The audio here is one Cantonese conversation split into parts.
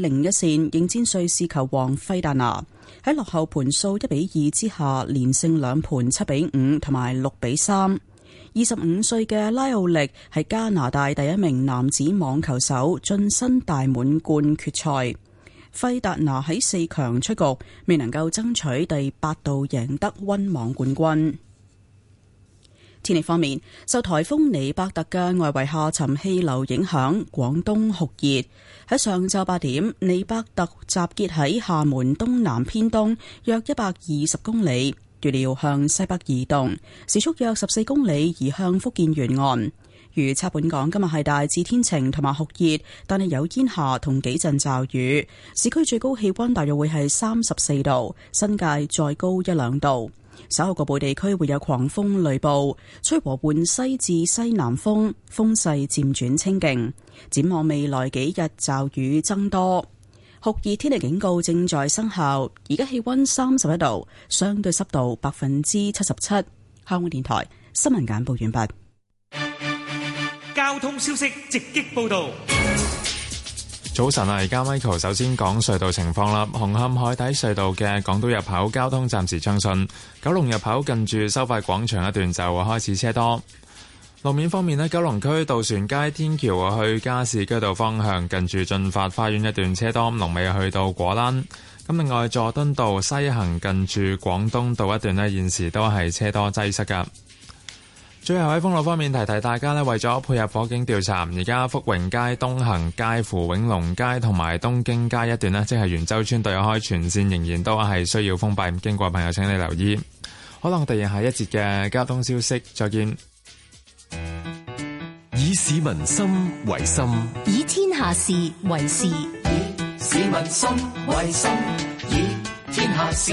零一線應戰瑞士球王費達拿，喺落後盤數一比二之下，連勝兩盤七比五同埋六比三。二十五歲嘅拉奧力係加拿大第一名男子網球手，晉身大滿貫決賽。費達拿喺四強出局，未能夠爭取第八度贏得溫網冠軍。天氣方面，受颱風尼伯特嘅外圍下沉氣流影響，廣東酷熱。喺上晝八點，尼伯特集結喺廈門東南偏東約一百二十公里，預料向西北移動，時速約十四公里，移向福建沿岸。預測本港今日係大致天晴同埋酷熱，但係有煙霞同幾陣驟雨。市區最高氣溫大約會係三十四度，新界再高一兩度。稍後局部地區會有狂風雷暴，吹和緩西至西南風，風勢漸轉清勁。展望未來幾日，驟雨增多。酷熱天氣警告正在生效。而家氣溫三十一度，相對濕度百分之七十七。香港電台新聞簡報完畢。交通消息直擊報道。早晨啊！而家 Michael 首先講隧道情況啦。紅磡海底隧道嘅港島入口交通暫時暢順，九龍入口近住收費廣場一段就會開始車多。路面方面咧，九龍區渡船街天橋去加士居道方向近住駿發花園一段車多，龍尾去到果欄。咁另外，佐敦道西行近住廣東道一段呢，現時都係車多擠塞噶。最後喺封路方面提提大家咧，為咗配合火警調查，而家福榮街、東行街、扶永隆街同埋東京街一段咧，即係元洲村對開全綫仍然都係需要封閉，經過朋友請你留意。好啦，我哋下一節嘅交通消息再見。以市民心為心，以天下事為事，以市民心為心，以天下事。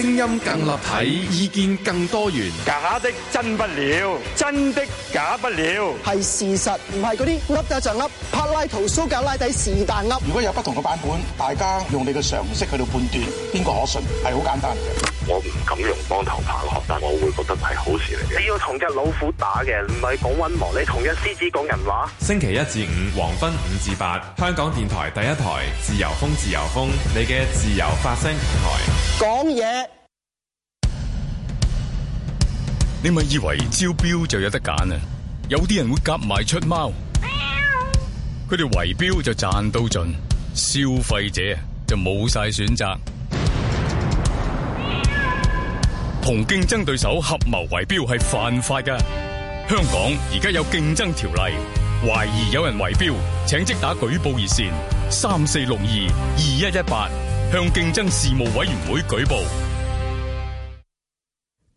聲音更立體，哎、意見更多元。假的真不了，真的假不了，係事實，唔係嗰啲噏得就噏，柏拉圖蘇格拉底是但噏。如果有不同嘅版本，大家用你嘅常識去到判斷邊個可信，係好簡單嘅。我唔敢用光頭拍落，但我會覺得係好事嚟嘅。你要同隻老虎打嘅，唔係講温磨，你同隻獅子講人話。星期一至五黃昏五至八，香港電台第一台自由風自由風，你嘅自由發聲台講嘢。講你咪以為招標就有得揀啊？有啲人會夾埋出貓，佢哋圍標就賺到盡，消費者就冇晒選擇。同競爭對手合謀圍標係犯法㗎。香港而家有競爭條例，懷疑有人圍標，請即打舉報熱線，三四六二二一一八向競爭事務委員會舉報。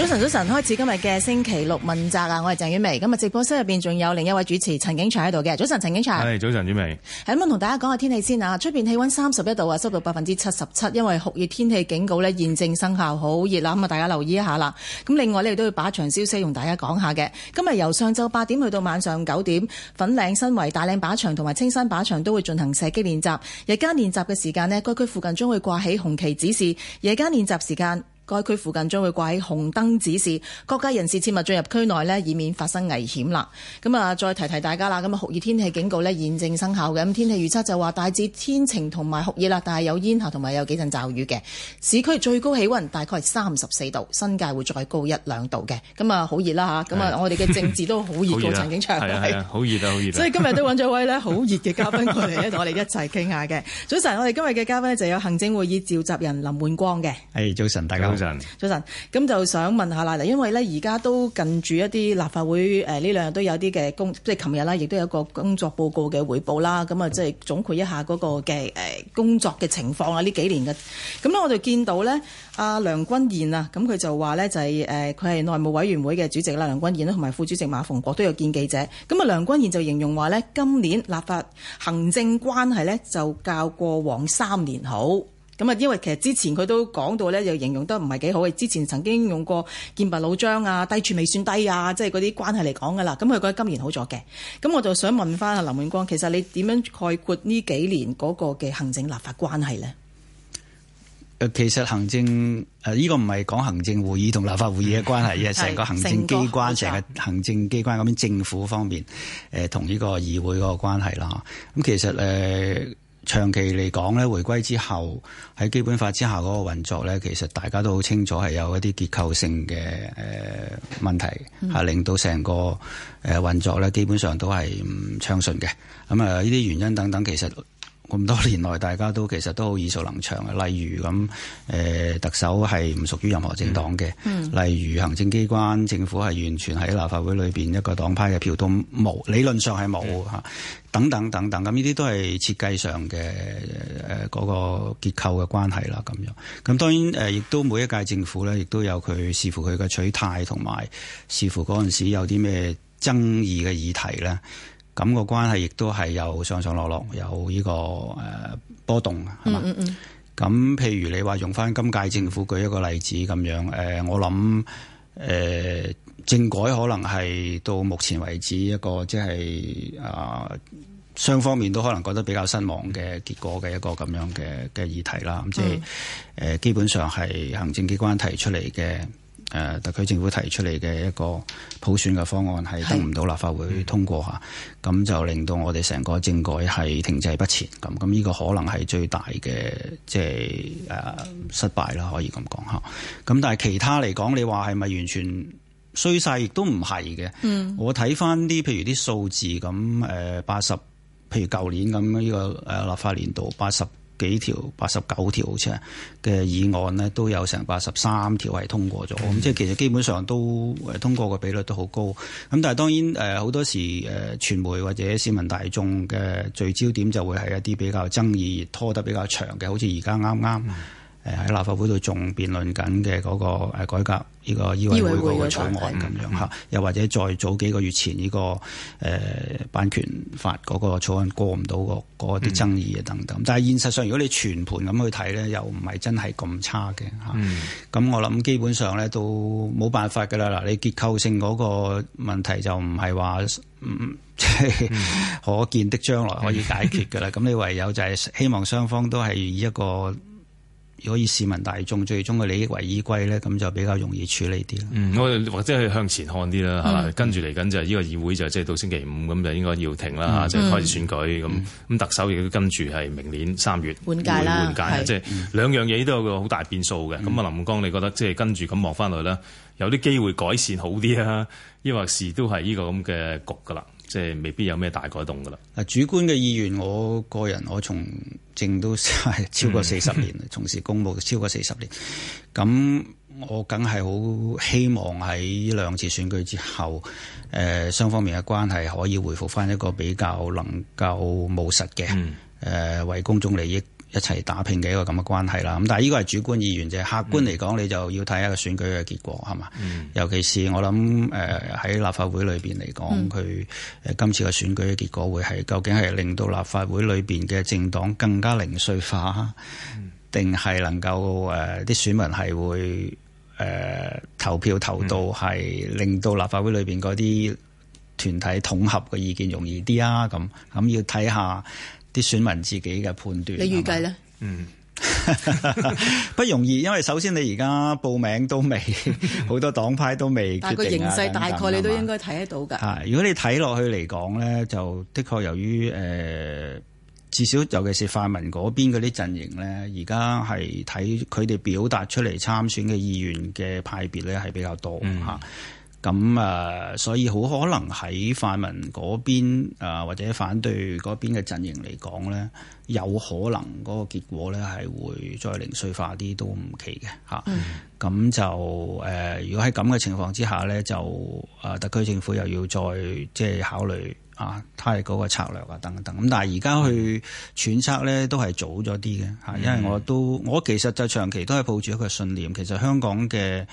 早晨，早晨，開始今日嘅星期六問責啊！我係鄭婉薇，今日直播室入邊仲有另一位主持陳景祥喺度嘅。早晨，陳景祥。係早晨，婉薇。係咁啊，同大家講下天氣先啊！出邊氣温三十一度啊，濕度百分之七十七，因為酷熱天氣警告呢，現正生效，好熱啦！咁啊，大家留意一下啦。咁另外呢，都要靶場消息，同大家講下嘅。今日由上晝八點去到晚上九點，粉嶺新圍大嶺靶場同埋青山靶場都會進行射擊練習。日間練習嘅時間呢，該區，區附近將會掛起紅旗指示。夜間練習時間。該區附近將會掛起紅燈指示，各界人士切勿進入區內咧，以免發生危險啦。咁啊，再提提大家啦。咁啊，酷熱天氣警告呢現正生效嘅。咁天氣預測就話大致天晴同埋酷熱啦，但係有煙霞同埋有幾陣驟雨嘅。市區最高氣温大概係三十四度，新界會再高一兩度嘅。咁、嗯、啊，好熱啦嚇。咁啊的， 我哋嘅政治都好熱過陳景祥，係好熱啊，好熱。所以今日都揾咗位咧好熱嘅嘉賓過嚟同 我哋一齊傾下嘅。早晨，我哋今日嘅嘉賓就有行政會議召集人林煥光嘅。係、hey, 早晨，大家好。早晨，早晨，咁就想問下啦，因為咧而家都近住一啲立法會誒，呢兩日都有啲嘅工，即係琴日啦，亦都有一個工作報告嘅彙報啦，咁啊，即係總括一下嗰個嘅誒工作嘅情況啊，呢幾年嘅，咁咧我就見到咧，阿梁君彥啊，咁佢就話咧就係誒，佢係內務委員會嘅主席啦，梁君彥同埋副主席馬逢國都有見記者，咁啊，梁君彥就形容話咧，今年立法行政關係咧就較過往三年好。咁啊，因為其實之前佢都講到咧，又形容得唔係幾好嘅。之前曾經用過劍拔弩張啊、低處未算低啊，即係嗰啲關係嚟講噶啦。咁佢覺得今年好咗嘅。咁我就想問翻阿林煥光，其實你點樣概括呢幾年嗰個嘅行政立法關係咧？誒，其實行政誒呢、呃這個唔係講行政會議同立法會議嘅關係，而係成個行政機關、成個,個行政機關咁樣政府方面誒同呢個議會嗰個關係啦。咁、呃、其實誒。呃長期嚟講咧，回歸之後喺基本法之下嗰個運作咧，其實大家都好清楚係有一啲結構性嘅誒問題，嚇令到成個誒運作咧基本上都係唔暢順嘅。咁啊，呢啲原因等等，其實～咁多年來，大家都其實都好耳熟能長嘅。例如咁，誒、呃、特首係唔屬於任何政黨嘅。嗯、例如行政機關政府係完全喺立法會裏邊一個黨派嘅票都冇，理論上係冇嚇等等等等。咁呢啲都係設計上嘅誒嗰個結構嘅關係啦。咁樣咁當然誒，亦、呃、都每一屆政府咧，亦都有佢視乎佢嘅取態同埋視乎嗰陣時有啲咩爭議嘅議題咧。咁個關係亦都係有上上落落，有呢、這個誒、呃、波動，係嘛？咁、嗯嗯、譬如你話用翻今屆政府舉一個例子咁樣，誒、呃，我諗誒、呃、政改可能係到目前為止一個即係啊雙方面都可能覺得比較失望嘅結果嘅一個咁樣嘅嘅議題啦。咁即係誒基本上係行政機關提出嚟嘅。誒特區政府提出嚟嘅一個普選嘅方案係得唔到立法會通過吓，咁的就令到我哋成個政改係停滯不前咁，咁呢個可能係最大嘅即係誒失敗啦，可以咁講吓，咁但係其他嚟講，你話係咪完全衰晒亦都唔係嘅。嗯、我睇翻啲譬如啲數字咁誒、八十，譬如舊、呃、年咁呢、呢個誒立法年度八十。80, 幾條八十九條，好似啊嘅議案咧，都有成八十三條係通過咗，咁即係其實基本上都通過嘅比率都好高，咁但係當然誒好、呃、多時誒、呃、傳媒或者市民大眾嘅聚焦點就會係一啲比較爭議、拖得比較長嘅，好似而家啱啱，嗯誒，喺立法會度仲辯論緊嘅嗰個改革呢個醫委會嗰個草案咁樣嚇，又、 嗯、或者再早幾個月前呢、這個誒、呃、版權法嗰個草案過唔到嗰啲爭議啊等等，但係現實上如果你全盤咁去睇咧，又唔係真係咁差嘅嚇。咁、嗯嗯、我諗基本上咧都冇辦法噶啦。嗱，你結構性嗰個問題就唔係話即係可見的將來可以解決嘅啦。咁、嗯嗯、 你唯有就係希望雙方都係以一個。可以市民大眾最終嘅利益為依歸咧，咁就比較容易處理啲。嗯，我或者係向前看啲啦嚇，嗯、跟住嚟緊就係呢個議會就即、是、係到星期五咁就應該要停啦嚇，嗯、就開始選舉咁。咁、嗯嗯、特首亦都跟住係明年三月換屆啦，換屆即係兩樣嘢都有個好大變數嘅。咁啊、嗯，林煥光，你覺得即係跟住咁望翻去啦，有啲機會改善好啲啊，抑或是都係呢個咁嘅局噶啦？即係未必有咩大改動㗎喇。啊，主觀嘅意願，我個人我從政都係超過四十年，嗯、從事公務超過四十年。咁我梗係好希望喺呢兩次選舉之後，誒、呃、雙方面嘅關係可以回復返一個比較能夠務實嘅，誒、嗯呃、為公眾利益，一齊打拼嘅一個咁嘅關係啦，咁但係呢個係主觀意願啫，客觀嚟講，嗯、你就要睇下個選舉嘅結果係嘛？嗯、尤其是我諗誒喺立法會裏邊嚟講，佢誒今次嘅選舉嘅結果會係究竟係令到立法會裏邊嘅政黨更加零碎化，定係、嗯、能夠誒啲、呃、選民係會誒、呃、投票投到係令到立法會裏邊嗰啲團體統合嘅意見容易啲啊？咁咁要睇下。啲選民自己嘅判斷，你預計呢？吧嗯， 不容易，因為首先你而家報名都未，好 多黨派都未。但個形勢大概你都應該睇得到㗎。如果你睇落去嚟講呢，就的確由於誒、呃，至少尤其是泛民嗰邊嗰啲陣營呢，而家係睇佢哋表達出嚟參選嘅議員嘅派別呢，係比較多嚇。嗯咁啊，所以好可能喺泛民嗰邊誒，或者反對嗰邊嘅陣營嚟講咧，有可能嗰個結果咧係會再零碎化啲都唔奇嘅吓。咁、嗯、就誒、呃，如果喺咁嘅情況之下咧，就誒、呃、特區政府又要再即係考慮啊，睇嗰個策略啊等等。咁但係而家去揣測咧，都係早咗啲嘅吓，因為我都、嗯、我其實就長期都係抱住一個信念，其實香港嘅。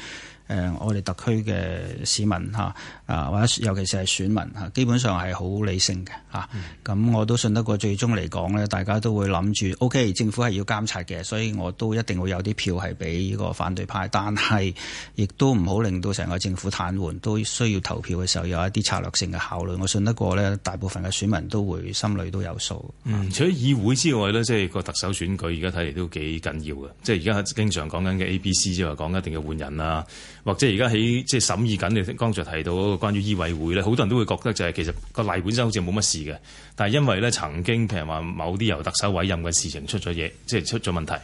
誒，我哋特區嘅市民嚇，啊，或者尤其是係選民嚇，基本上係好理性嘅嚇。咁、嗯、我都信得過，最終嚟講咧，大家都會諗住，OK，政府係要監察嘅，所以我都一定會有啲票係俾呢個反對派，但係亦都唔好令到成個政府癱瘓，都需要投票嘅時候有一啲策略性嘅考慮。我信得過咧，大部分嘅選民都會心裏都有數。嗯、除咗議會之外咧，即係個特首選舉，而家睇嚟都幾緊要嘅。即係而家經常講緊嘅 ABC 之外，講緊一定嘅換人啊。或者而家喺即係審議緊你剛才提到嗰個關於醫委會咧，好多人都會覺得就係其實個例本身好似冇乜事嘅，但係因為咧曾經譬如話某啲由特首委任嘅事情出咗嘢，即係出咗問題，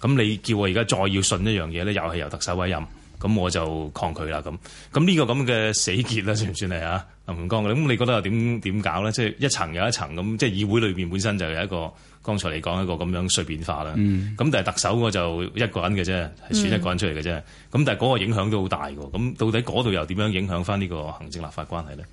咁你叫我而家再要信一樣嘢咧，又係由特首委任。咁我就抗拒啦，咁咁呢個咁嘅死結啦、啊，算唔算係啊？林煥光，你咁你覺得又點點搞咧？即、就、係、是、一層又一層咁，即係、就是、議會裏面本身就有一個，剛才你講一個咁樣碎片化啦。咁、嗯、但係特首嗰就一個人嘅啫，係選一個人出嚟嘅啫。咁、嗯、但係嗰個影響都好大㗎。咁到底嗰度又點樣影響返呢個行政立法關係咧？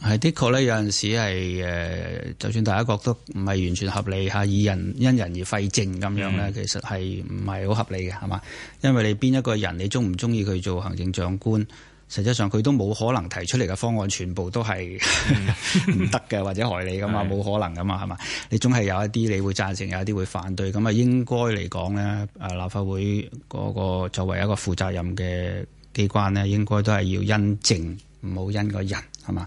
係的確咧，有陣時係誒、呃，就算大家覺得唔係完全合理吓，以人因人而廢政咁樣咧，其實係唔係好合理嘅，係嘛？因為你邊一個人，你中唔中意佢做行政長官？實際上佢都冇可能提出嚟嘅方案，全部都係唔得嘅，或者害你噶嘛，冇 可能噶嘛，係嘛？你總係有一啲你會贊成，有一啲會反對咁啊。應該嚟講咧，誒、呃，立法會個個作為一個負責任嘅機關咧，應該都係要因政唔好因個人。係嘛？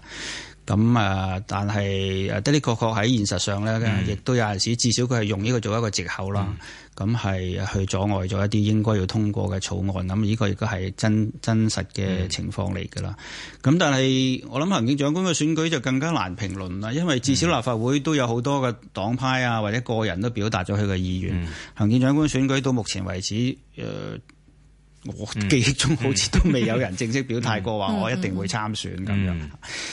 咁啊，但係誒，的的確確喺現實上咧，亦、嗯、都有陣時，至少佢係用呢個做一個借口啦。咁係、嗯、去阻礙咗一啲應該要通過嘅草案。咁、這、呢個亦都係真真實嘅情況嚟噶啦。咁、嗯、但係我諗行政長官嘅選舉就更加難評論啦，因為至少立法會都有好多嘅黨派啊，或者個人都表達咗佢嘅意願。嗯、行政長官選舉到目前為止，誒、呃。我記憶中好似都未有人正式表態過話 我一定會參選咁樣，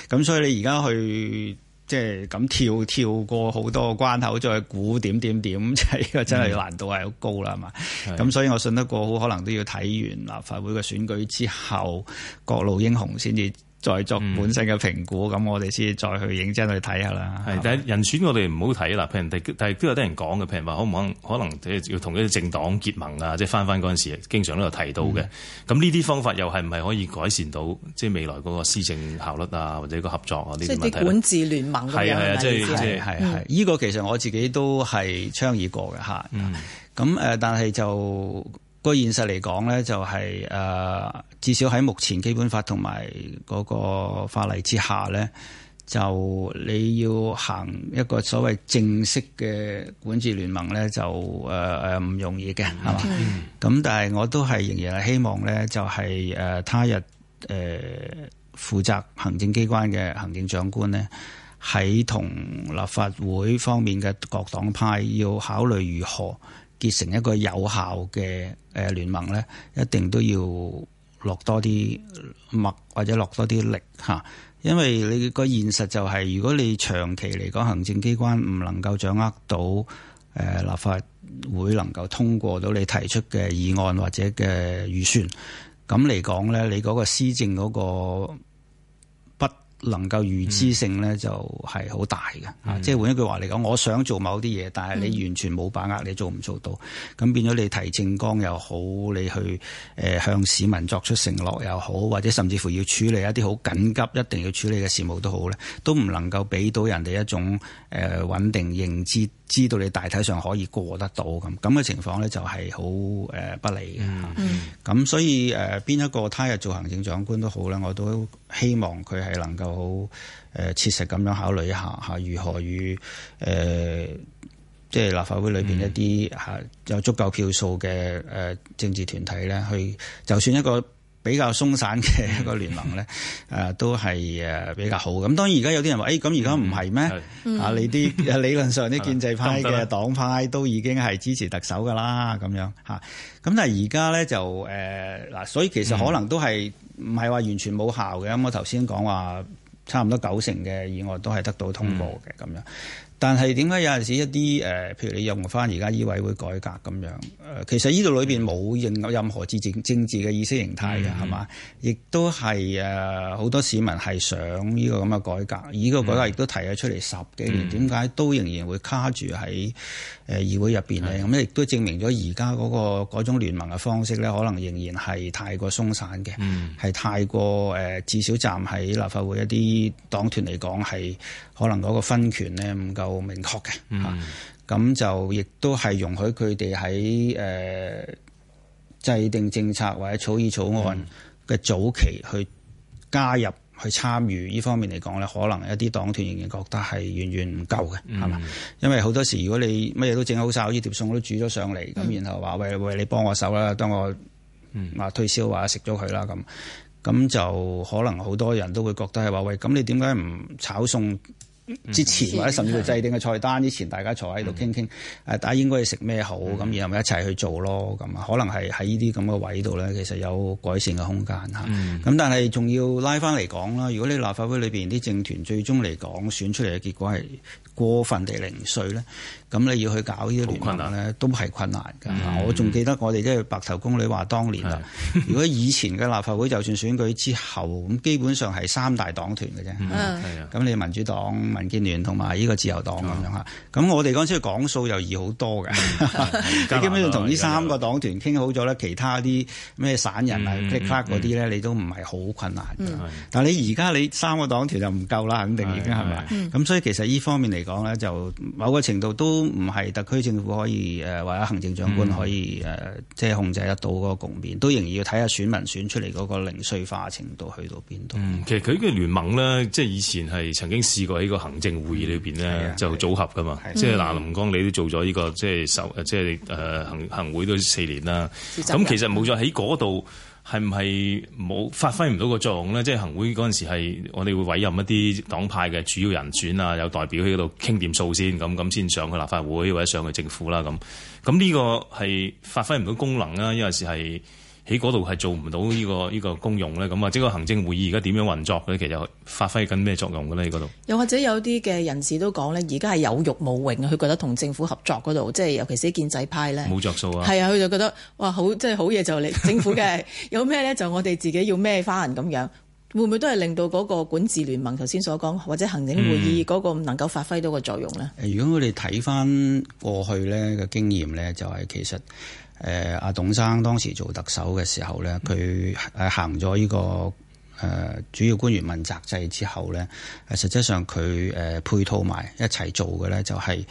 咁 所以你而家去即係咁跳跳過好多關口，再估點點點，即係呢個、真係真係難度係好高啦嘛。咁 吧所以我信得過，好可能都要睇完立法會嘅選舉之後，各路英雄先至再作本身嘅評估，咁、嗯、我哋先再去認真去睇下啦。係，但係人選我哋唔好睇啦。譬如但人但係都有啲人講嘅，譬如話可唔可能、嗯、可能要同一啲政黨結盟啊，即係翻翻嗰陣時經常都有提到嘅。咁呢啲方法又係唔係可以改善到即係未來嗰個施政效率啊，或者個合作啊啲問題？即係啲管治聯盟咁樣嘅意思。係係係係，呢個、嗯、其實我自己都係倡議過嘅嚇。咁誒，但係就。個現實嚟講呢就係、是、誒、呃，至少喺目前基本法同埋嗰個法例之下呢，就你要行一個所謂正式嘅管治聯盟呢，就誒誒唔容易嘅，係嘛？咁、 嗯、但係我都係仍然係希望呢就係誒，他日誒、呃、負責行政機關嘅行政長官呢，喺同立法會方面嘅各黨派要考慮如何。結成一個有效嘅誒聯盟呢，一定都要落多啲墨或者落多啲力嚇，因為你個現實就係、是，如果你長期嚟講，行政機關唔能夠掌握到立、呃、法會能夠通過到你提出嘅議案或者嘅預算，咁嚟講呢，你嗰個施政嗰、那個。能夠預知性呢就係好大嘅。即係、嗯、換一句話嚟講，我想做某啲嘢，但係你完全冇把握你做唔做到，咁變咗你提政綱又好，你去誒向市民作出承諾又好，或者甚至乎要處理一啲好緊急一定要處理嘅事務都好咧，都唔能夠俾到人哋一種誒穩定認知，知道你大體上可以過得到咁咁嘅情況呢，就係好誒不利嘅咁、嗯、所以誒，邊、呃、一個他日做行政長官都好啦，我都。希望佢係能夠好誒，切實咁樣考慮一下吓如何與誒、呃、即係立法會裏邊一啲吓有足夠票數嘅誒政治團體咧，去就算一個。比較鬆散嘅一個聯盟咧，誒、 啊、都係誒比較好咁。當然而家有啲人話，誒咁而家唔係咩？啊， 你啲理論上啲建制派嘅黨派都已經係支持特首噶啦，咁樣嚇。咁但係而家咧就誒嗱、呃，所以其實可能都係唔係話完全冇效嘅。 我頭先講話差唔多九成嘅以外都係得到通過嘅咁樣。但係點解有陣時一啲誒、呃、譬如你用翻而家醫委會改革咁樣誒、呃、其實呢度裏邊冇任何任何政治政治嘅意識形態嘅係嘛？亦、mm hmm. 都係誒好多市民係想呢個咁嘅改革，而呢個改革亦都提咗出嚟十幾年，點解、mm hmm. 都仍然會卡住喺誒議會入邊咧？咁亦都證明咗而家嗰個嗰種聯盟嘅方式咧，可能仍然係太過鬆散嘅，係、mm hmm. 太過誒、呃、至少站喺立法會一啲黨團嚟講，係可能嗰個分權咧唔夠。冇明確嘅，吓咁、嗯、就亦都係容許佢哋喺誒制定政策或者草擬草案嘅早期去加入去參與呢方面嚟講咧，可能一啲黨團仍然覺得係遠遠唔夠嘅，係嘛、嗯？因為好多時如果你乜嘢都整好晒，呢碟餸都煮咗上嚟，咁、嗯、然後話喂喂，你幫我手啦，當我啊、嗯、推銷話食咗佢啦，咁咁就可能好多人都會覺得係話喂，咁你點解唔炒餸？之前或者甚至制定嘅菜單，之前，大家坐喺度傾傾，誒、嗯，大家應該要食咩好咁，嗯，然後咪一齊去做咯。咁啊，可能係喺呢啲咁嘅位度咧，其實有改善嘅空間吓，咁、嗯，但係仲要拉翻嚟講啦，如果你立法會裏邊啲政團最終嚟講選出嚟嘅結果係過分地零碎咧，咁你要去搞呢啲聯盟咧，都係困難㗎。我仲記得我哋即係白頭公，你話當年啊，是的 如果以前嘅立法會就算選舉之後，咁基本上係三大黨團嘅啫，咁、嗯、的你民主黨。民建聯同埋呢個自由黨咁樣嚇，咁我哋講出嚟講數又易好多嘅。你基本上同呢三個黨團傾好咗咧，其他啲咩散人啊、Click c l 嗰啲咧，你都唔係好困難。但係你而家你三個黨團就唔夠啦，肯定已經係咪？咁所以其實呢方面嚟講咧，就某個程度都唔係特區政府可以誒或者行政長官可以誒即係控制得到嗰個共變，都仍然要睇下選民選出嚟嗰個零碎化程度去到邊度。其實佢嘅聯盟咧，即係以前係曾經試過呢個。行政會議裏邊咧就組合噶嘛，即係嗱，嗯、林江你都做咗呢、呢個，即係受即係誒行行會都四年啦。咁其實冇咗喺嗰度，係唔係冇發揮唔到個作用咧？即、就、係、係、行會嗰陣時係我哋會委任一啲黨派嘅主要人選啊，有代表喺度傾掂數先，咁咁先上去立法會或者上去政府啦。咁咁呢個係發揮唔到功能啦，因為係係。喺嗰度係做唔到、這個這個、呢個依個功用咧，咁啊，即個行政會議而家點樣運作咧？其實發揮緊咩作用嘅咧？喺嗰度又或者有啲嘅人士都講咧，而家係有辱冇榮，佢覺得同政府合作嗰度，即係尤其是建制派咧，冇着數啊！係啊，佢就覺得哇，好即係好嘢就嚟政府嘅， 有咩咧就我哋自己要孭翻咁樣，會唔會都係令到嗰個管治聯盟頭先所講或者行政會議嗰個唔能夠發揮到個作用咧？嗯、如果我哋睇翻過去咧嘅經驗咧，就係、是、其實。誒阿、呃、董生當時做特首嘅時候咧，佢誒行咗呢、這個誒、呃、主要官員問責制之後咧，實際上佢誒、呃、配套埋一齊做嘅咧、就是，就係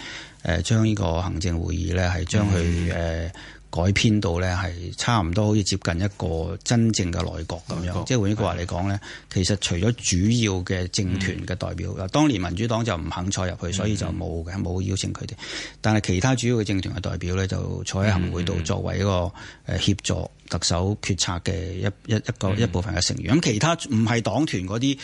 誒將呢個行政會議咧係將佢誒。改編到呢係差唔多好似接近一個真正嘅內閣咁樣。國即係換句話嚟講呢，其實除咗主要嘅政團嘅代表，嗱、嗯，當年民主黨就唔肯坐入去，所以就冇嘅，冇邀請佢哋。但係其他主要嘅政團嘅代表呢，就坐喺行會度，嗯、作為一個誒協助特首決策嘅一一一個一部分嘅成員。咁、嗯、其他唔係黨團嗰啲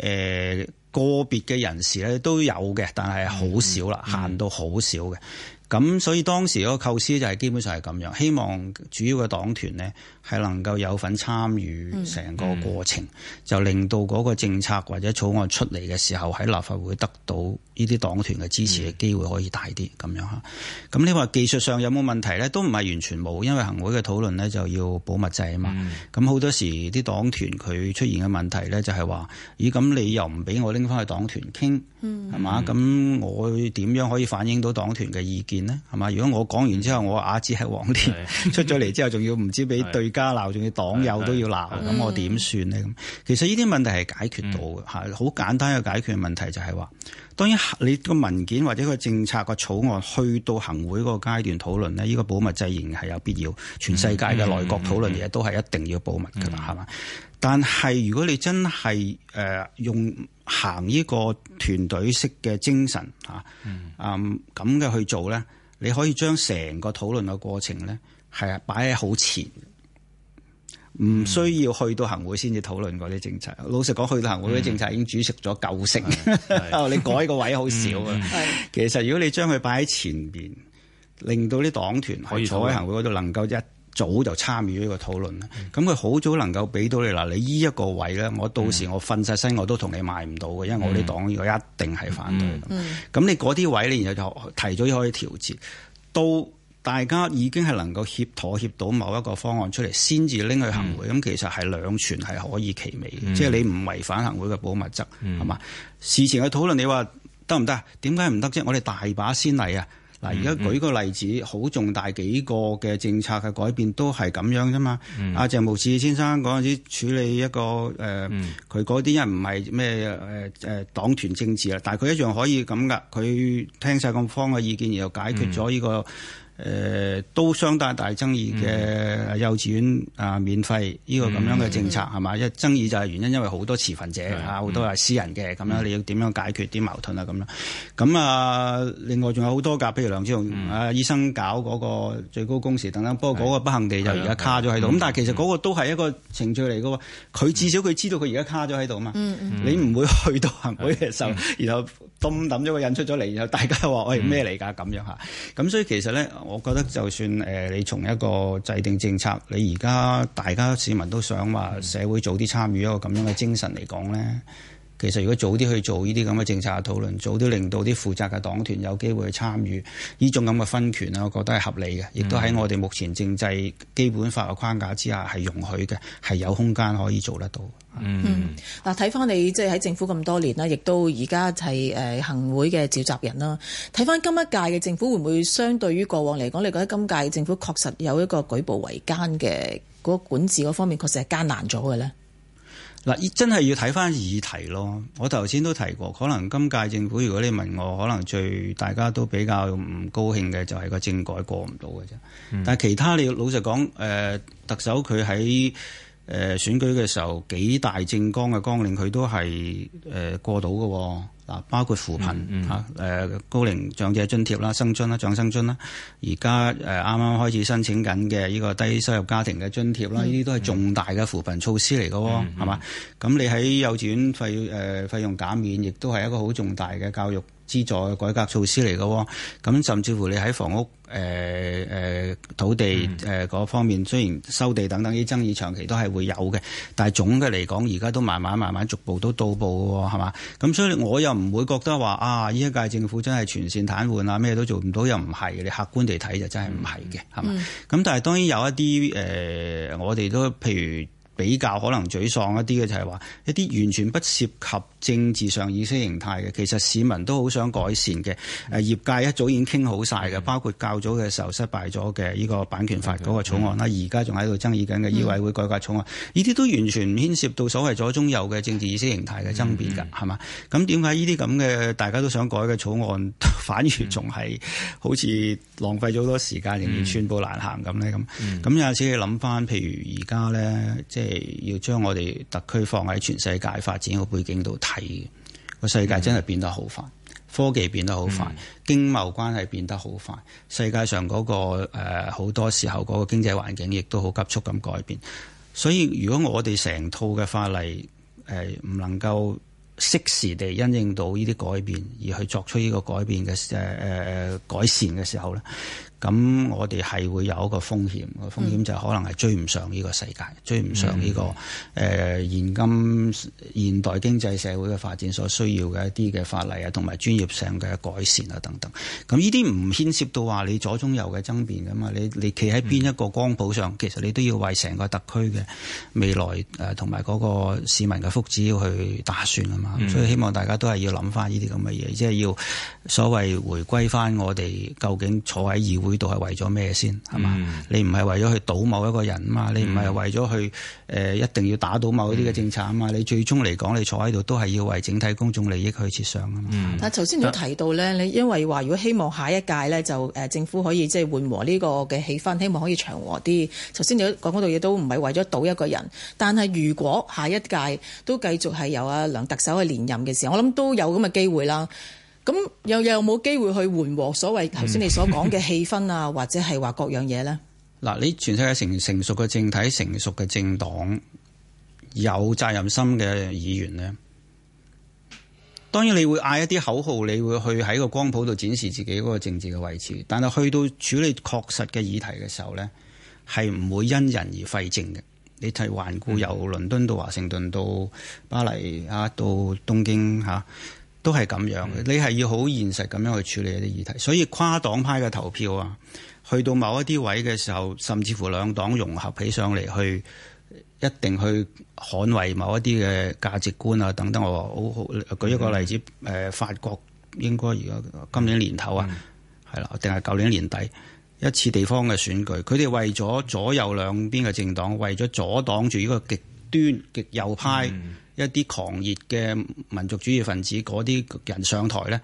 誒個別嘅人士呢，都有嘅，但係好少啦，限到好少嘅。嗯咁所以當時個構思就係基本上係咁樣。希望主要嘅黨團咧，係能夠有份參與成個過程，嗯、就令到嗰個政策或者草案出嚟嘅時候喺立法會得到。呢啲黨團嘅支持嘅機會可以大啲咁樣嚇，咁、嗯、你話技術上有冇問題呢？都唔係完全冇，因為行會嘅討論呢就要保密制啊嘛。咁好、嗯、多時啲黨團佢出現嘅問題呢，就係話：咦，咁你又唔俾我拎翻去黨團傾，係嘛、嗯？咁我點樣可以反映到黨團嘅意見呢？係嘛？如果我講完之後，我亞視係黃連對出咗嚟之後，仲要唔知俾對家鬧，仲對要黨友都要鬧，咁我點算呢？咁、嗯、其實呢啲問題係解決到嘅，好、嗯嗯、簡單嘅解決問題就係話。當然，你個文件或者個政策個草案去到行會嗰個階段討論呢，呢、這個保密制仍係有必要。全世界嘅內閣討論嘢都係一定要保密㗎喇，係嘛、嗯嗯嗯？但係如果你真係誒、呃、用行呢個團隊式嘅精神嚇、啊，嗯咁嘅、嗯、去做呢，你可以將成個討論嘅過程呢，係啊擺喺好前。唔需要去到行會先至討論嗰啲政策。老實講，去到行會啲政策已經主食咗九成，嗯、 你改個位好少啊。嗯、其實如果你將佢擺喺前邊，令到啲黨團坐喺行會嗰度，能夠一早就參與呢個討論啦。咁佢好早能夠俾到你嗱，你依一個位咧，我到時我瞓晒身我都同你賣唔到嘅，因為我啲黨員一定係反對。咁、嗯、你嗰啲位你然後就提早可以調節，到。大家已經係能夠協妥協到某一個方案出嚟，先至拎去行會。咁其實係兩全係可以其美嘅，即係你唔違反行會嘅保密則，係嘛？事前嘅討論，你話得唔得？點解唔得啫？我哋大把先例啊！嗱，而家舉個例子，好重大幾個嘅政策嘅改變都係咁樣啫嘛。阿鄭慕智先生嗰陣時處理一個誒，佢嗰啲人唔係咩誒誒黨團政治啦，但係佢一樣可以咁噶。佢聽晒各方嘅意見，然後解決咗呢個。誒，都相當大爭議嘅幼稚園啊，免費呢個咁樣嘅政策係咪？一爭議就係原因，因為好多持份者啊，好多係私人嘅咁樣，你要點樣解決啲矛盾啊？咁樣咁啊，另外仲有好多架，譬如梁志雄啊，醫生搞嗰個最高工時等等。不過嗰個不幸地就而家卡咗喺度。咁但係其實嗰個都係一個程序嚟噶，佢至少佢知道佢而家卡咗喺度嘛。你唔會去到行會嘅時候，然後咚抌咗個印出咗嚟，然後大家話喂，咩嚟噶？咁樣吓。咁所以其實咧。我覺得就算誒，你從一個制定政策，你而家大家市民都想話社會早啲參與一個咁樣嘅精神嚟講呢。其實如果早啲去做呢啲咁嘅政策嘅討論，早啲令到啲負責嘅黨團有機會去參與呢種咁嘅分權啦，我覺得係合理嘅，亦、嗯、都喺我哋目前政制基本法嘅框架之下係容許嘅，係有空間可以做得到。嗯，嗱、嗯，睇翻你即係喺政府咁多年啦，亦都而家係誒行會嘅召集人啦。睇翻今一屆嘅政府，會唔會相對於過往嚟講，你覺得今屆政府確實有一個舉步維艱嘅嗰個管治嗰方面確艱，確實係艱難咗嘅咧？嗱，真係要睇翻議題咯。我頭先都提過，可能今屆政府，如果你問我，可能最大家都比較唔高興嘅就係個政改過唔到嘅啫。嗯、但係其他你老實講，誒、呃、特首佢喺誒選舉嘅時候幾大政綱嘅綱領，佢都係誒過到嘅喎。嗱，包括扶貧嚇，誒、嗯嗯啊、高齡長者津貼啦、生津啦、長生津啦，而家誒啱啱開始申請緊嘅呢個低收入家庭嘅津貼啦，呢啲都係重大嘅扶貧措施嚟嘅喎，係嘛、嗯？咁、嗯、你喺幼稚園費誒費用減免，亦都係一個好重大嘅教育。資助改革措施嚟嘅喎，咁甚至乎你喺房屋誒誒、呃呃、土地誒嗰方面，雖然收地等等啲爭議長期都係會有嘅，但係總嘅嚟講，而家都慢慢慢慢逐步都到步嘅喎、哦，係嘛？咁所以我又唔會覺得話啊，呢一屆政府真係全線癱瘓啊，咩都做唔到又唔係嘅，你客觀地睇就真係唔係嘅，係嘛？咁、嗯、但係當然有一啲誒、呃，我哋都譬如。比較可能沮喪一啲嘅就係話一啲完全不涉及政治上意識形態嘅，其實市民都好想改善嘅。誒、啊，業界一早已經傾好晒嘅，包括較早嘅時候失敗咗嘅呢個版權法嗰個草案啦，而家仲喺度爭議緊嘅醫委會改革草案，呢啲、嗯、都完全牽涉到所謂左中右嘅政治意識形態嘅爭辯㗎，係嘛、嗯？咁點解呢啲咁嘅大家都想改嘅草案，反而仲係好似浪費咗好多時間，仍然寸步難行咁咧？咁、嗯、咁、嗯嗯、有陣時你諗翻，譬如而家咧，即係。要將我哋特區放喺全世界發展嘅背景度睇，個世界真係變得好快，科技變得好快，經貿關係變得好快，世界上嗰個誒好多時候嗰個經濟環境亦都好急速咁改變，所以如果我哋成套嘅法例誒唔能夠適時地因應到呢啲改變而去作出呢個改變嘅誒誒改善嘅時候咧。咁我哋係會有一個風險，個風險就係可能係追唔上呢個世界，嗯、追唔上呢個誒、呃、現今現代經濟社會嘅發展所需要嘅一啲嘅法例啊，同埋專業上嘅改善啊等等。咁呢啲唔牽涉到話你左中右嘅爭辯噶嘛，你你企喺邊一個光譜上，嗯、其實你都要為成個特區嘅未來誒同埋個市民嘅福祉去打算啊嘛。嗯、所以希望大家都係要諗翻呢啲咁嘅嘢，即係要所謂回歸翻我哋究竟坐喺議會。呢度係為咗咩先係嘛？你唔係為咗去賭某一個人啊嘛？嗯、你唔係為咗去誒、呃，一定要打倒某一啲嘅政策啊嘛？嗯、你最終嚟講，你坐喺度都係要為整體公眾利益去設想啊嘛。嗯嗯、但係頭先你提到咧，你、嗯、因為話如果希望下一屆咧，就誒政府可以即係緩和呢個嘅氣氛，希望可以長和啲。頭先你講嗰度嘢都唔係為咗賭一個人，但係如果下一屆都繼續係有阿梁特首去連任嘅時候，我諗都有咁嘅機會啦。咁又又冇機會去緩和所謂頭先你所講嘅氣氛啊， 或者係話各樣嘢呢？嗱，你全世界成成熟嘅政體、成熟嘅政黨、有責任心嘅議員呢，當然你會嗌一啲口號，你會去喺個光譜度展示自己嗰個政治嘅位置。但係去到處理確實嘅議題嘅時候呢，係唔會因人而廢政嘅。你睇環顧由倫敦到華盛頓到巴黎嚇，到東京嚇。啊都係咁樣嘅，嗯、你係要好現實咁樣去處理一啲議題。所以跨黨派嘅投票啊，去到某一啲位嘅時候，甚至乎兩黨融合起上嚟，去一定去捍衞某一啲嘅價值觀啊等等，我。我好好舉一個例子，誒、嗯呃，法國應該而家今年年頭啊，係啦、嗯，定係舊年年底一次地方嘅選舉，佢哋為咗左右兩邊嘅政黨，為咗阻擋住呢個極端極右派、嗯、一啲狂熱嘅民族主義分子，嗰啲人上台咧，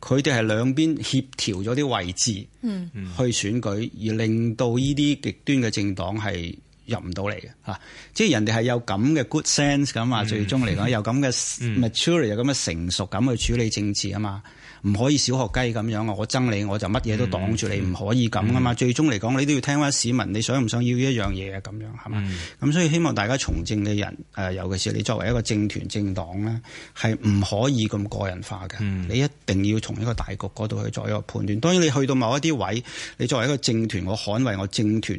佢哋係兩邊協調咗啲位置嗯，去選舉，而令到呢啲極端嘅政黨係入唔到嚟嘅吓，即係人哋係有咁嘅 good sense 噶嘛，嗯、最終嚟講有咁嘅 maturity，有咁嘅成熟咁去處理政治啊嘛。唔可以小學雞咁樣啊！我憎你，我就乜嘢都擋住你，唔可以咁啊嘛！嗯、最終嚟講，你都要聽翻市民，你想唔想要呢一樣嘢啊？咁樣係嘛？咁、嗯、所以希望大家從政嘅人，誒，尤其是你作為一個政團政黨咧，係唔可以咁個人化嘅。嗯、你一定要從一個大局嗰度去作一個判斷。當然，你去到某一啲位，你作為一個政團，我捍衛我政團。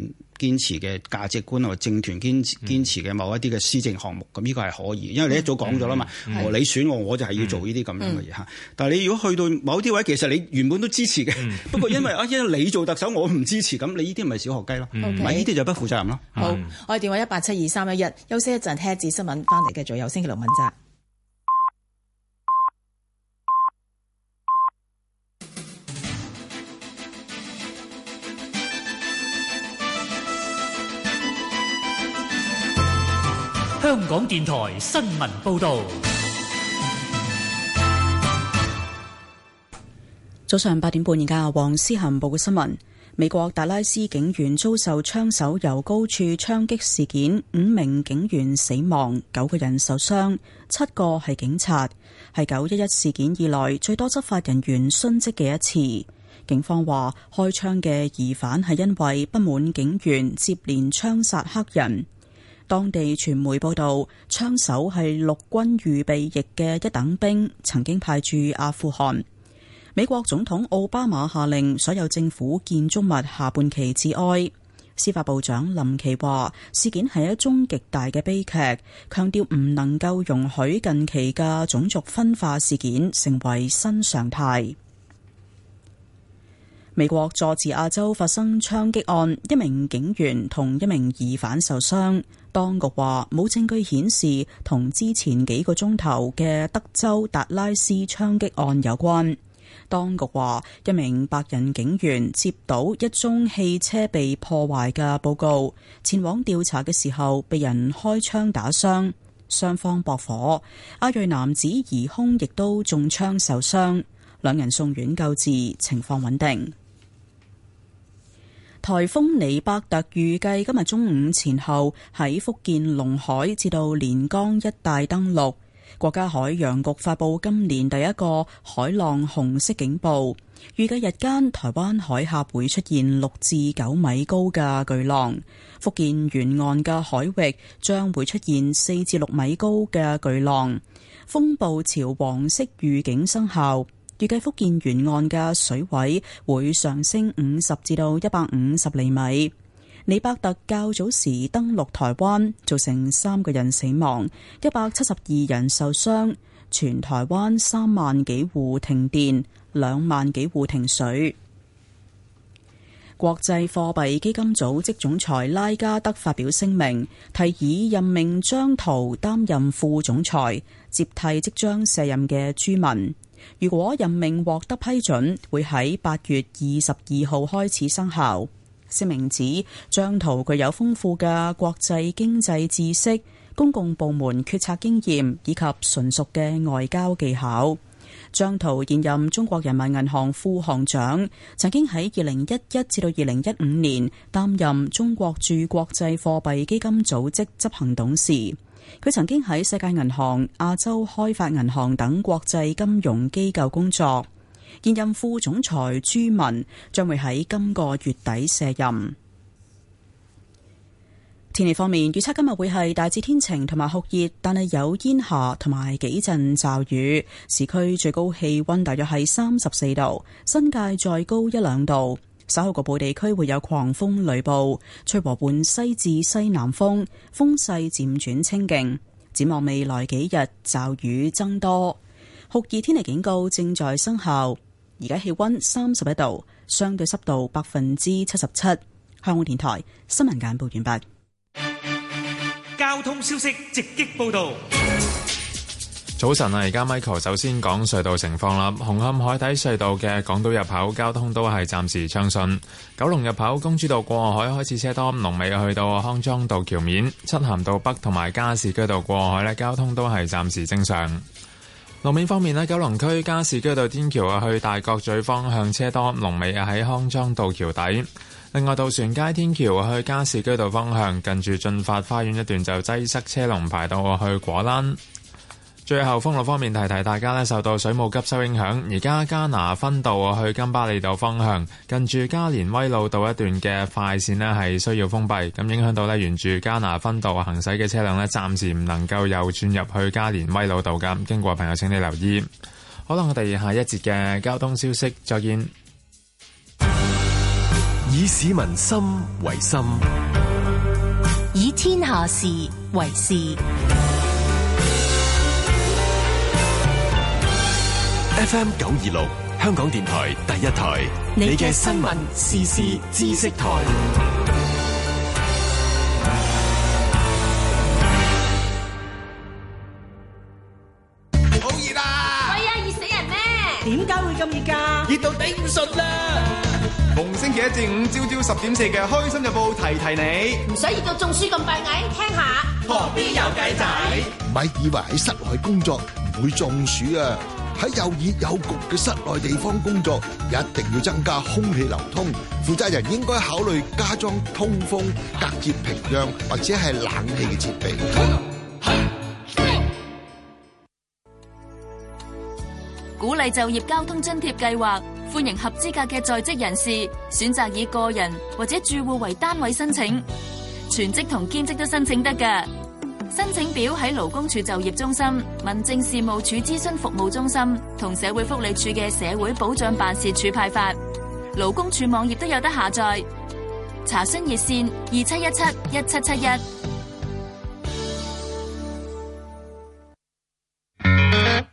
堅持嘅價值觀或政團堅持堅持嘅某一啲嘅施政項目，咁呢、嗯、個係可以，因為你一早講咗啦嘛。你選我，我就係要做呢啲咁樣嘅嘢嚇。嗯嗯、但係你如果去到某啲位，其實你原本都支持嘅，嗯、不過因為啊因為 你做特首，我唔支持，咁你呢啲咪小學雞咯，咪呢啲就不負責任咯。嗯、好，我哋電話一八七二三一一，休息一陣，聽一節新聞翻嚟嘅，仲有星期六，星期六問責。香港電台新聞報道，早上八點半，而家由黃思涵報嘅新聞。美國達拉斯警員遭受槍手由高處槍擊事件，五名警員死亡，九個人受傷，七個係警察，係九一一事件以來最多執法人員殉職嘅一次。警方話，開槍嘅疑犯係因為不滿警員接連槍殺黑人。當地傳媒報道，槍手係陸軍預備役嘅一等兵，曾經派駐阿富汗。美國總統奧巴馬下令所有政府建築物下半旗致哀。司法部長林奇話：事件係一宗極大嘅悲劇，強調唔能夠容許近期嘅種族分化事件成為新常態。美國佐治亞州發生槍擊案，一名警員同一名疑犯受傷。當局話冇證據顯示同之前幾個鐘頭嘅德州達拉斯槍擊案有關。當局話一名白人警員接到一宗汽車被破壞嘅報告，前往調查嘅時候被人開槍打傷，雙方駁火。亞裔男子疑兇亦都中槍受傷，兩人送院救治，情況穩定。颱風尼伯特預計今日中午前後喺福建龍海至到連江一帶登陸。國家海洋局發布今年第一個海浪紅色警報，預計日間台灣海峽會出現六至九米高嘅巨浪，福建沿岸嘅海域將會出現四至六米高嘅巨浪，風暴潮黃色預警生效。預計福建沿岸嘅水位會上升五十至到一百五十厘米。尼伯特較早時登陸台灣，造成三個人死亡，一百七十二人受傷，全台灣三萬幾戶停電，兩萬幾戶停水。國際貨幣基金組織總裁拉加德發表聲明，提議任命張濤擔任副總裁，接替即將卸任嘅朱民。如果任命獲得批准，會喺八月二十二號開始生效。聲明指張濤具有豐富嘅國際經濟知識、公共部門決策經驗以及純熟嘅外交技巧。張濤現任中國人民銀行副行長，曾經喺二零一一至到二零一五年擔任中國駐國際貨幣基金組織執行董事。佢曾經喺世界銀行、亞洲開發銀行等國際金融機構工作。現任副總裁朱文將會喺今個月底卸任。天氣方面，預測今日會係大致天晴同埋酷熱，但係有煙霞同埋幾陣驟雨。市區最高氣溫大約係三十四度，新界再高一兩度。稍後局部地區會有狂風雷暴，吹和緩西至西南風，風勢漸轉清勁。展望未來幾日驟雨增多，酷熱天氣警告正在生效。而家氣溫三十一度，相對濕度百分之七十七。香港電台新聞簡報完畢。交通消息直擊報道。早晨啊！而家 Michael 首先講隧道情況啦。紅磡海底隧道嘅港島入口交通都係暫時暢順。九龍入口公主道過海開始車多，龍尾去到康莊道橋面，漆咸道北同埋加士居道過海呢，交通都係暫時正常。路面方面呢，九龍區加士居道天橋啊，去大角咀方向車多，龍尾喺康莊道橋底。另外，渡船街天橋去加士居道方向，近住駿發花園一段就擠塞車龍排到去果欄。最後，封路方面提提大家咧，受到水務急修影響，而家加拿分道去金巴利道方向，近住加連威老道一段嘅快線咧係需要封閉，咁影響到咧沿住加拿分道行駛嘅車輛咧，暫時唔能夠右轉入去加連威老道噶，經過朋友，請你留意。好啦，我哋下一節嘅交通消息，再見。以市民心為心，以天下事為事。FM 九二六，香港電台第一台，你嘅新聞、時事、知識台。好熱啊！係啊，熱死人咩？點解會咁熱噶？熱到頂唔順啦！逢星期一至五朝朝十點四嘅《開心日報》，提提你。唔使熱到中暑咁閉翳聽下，旁邊有計仔。唔係以為喺室內工作唔會中暑啊？喺又熱又焗嘅室內地方工作，一定要增加空氣流通。負責人應該考慮加裝通風、隔絕屏障、或者係冷氣嘅設備。鼓勵就業交通津貼計劃，歡迎合資格嘅在職人士選擇以個人或者住戶為單位申請，全職同兼職都申請得㗎。申請表喺勞工處就業中心、民政事務處諮詢服務中心同社會福利處嘅社會保障辦事處派發，勞工處網頁都有得下載，查詢熱線二七一七一七七一。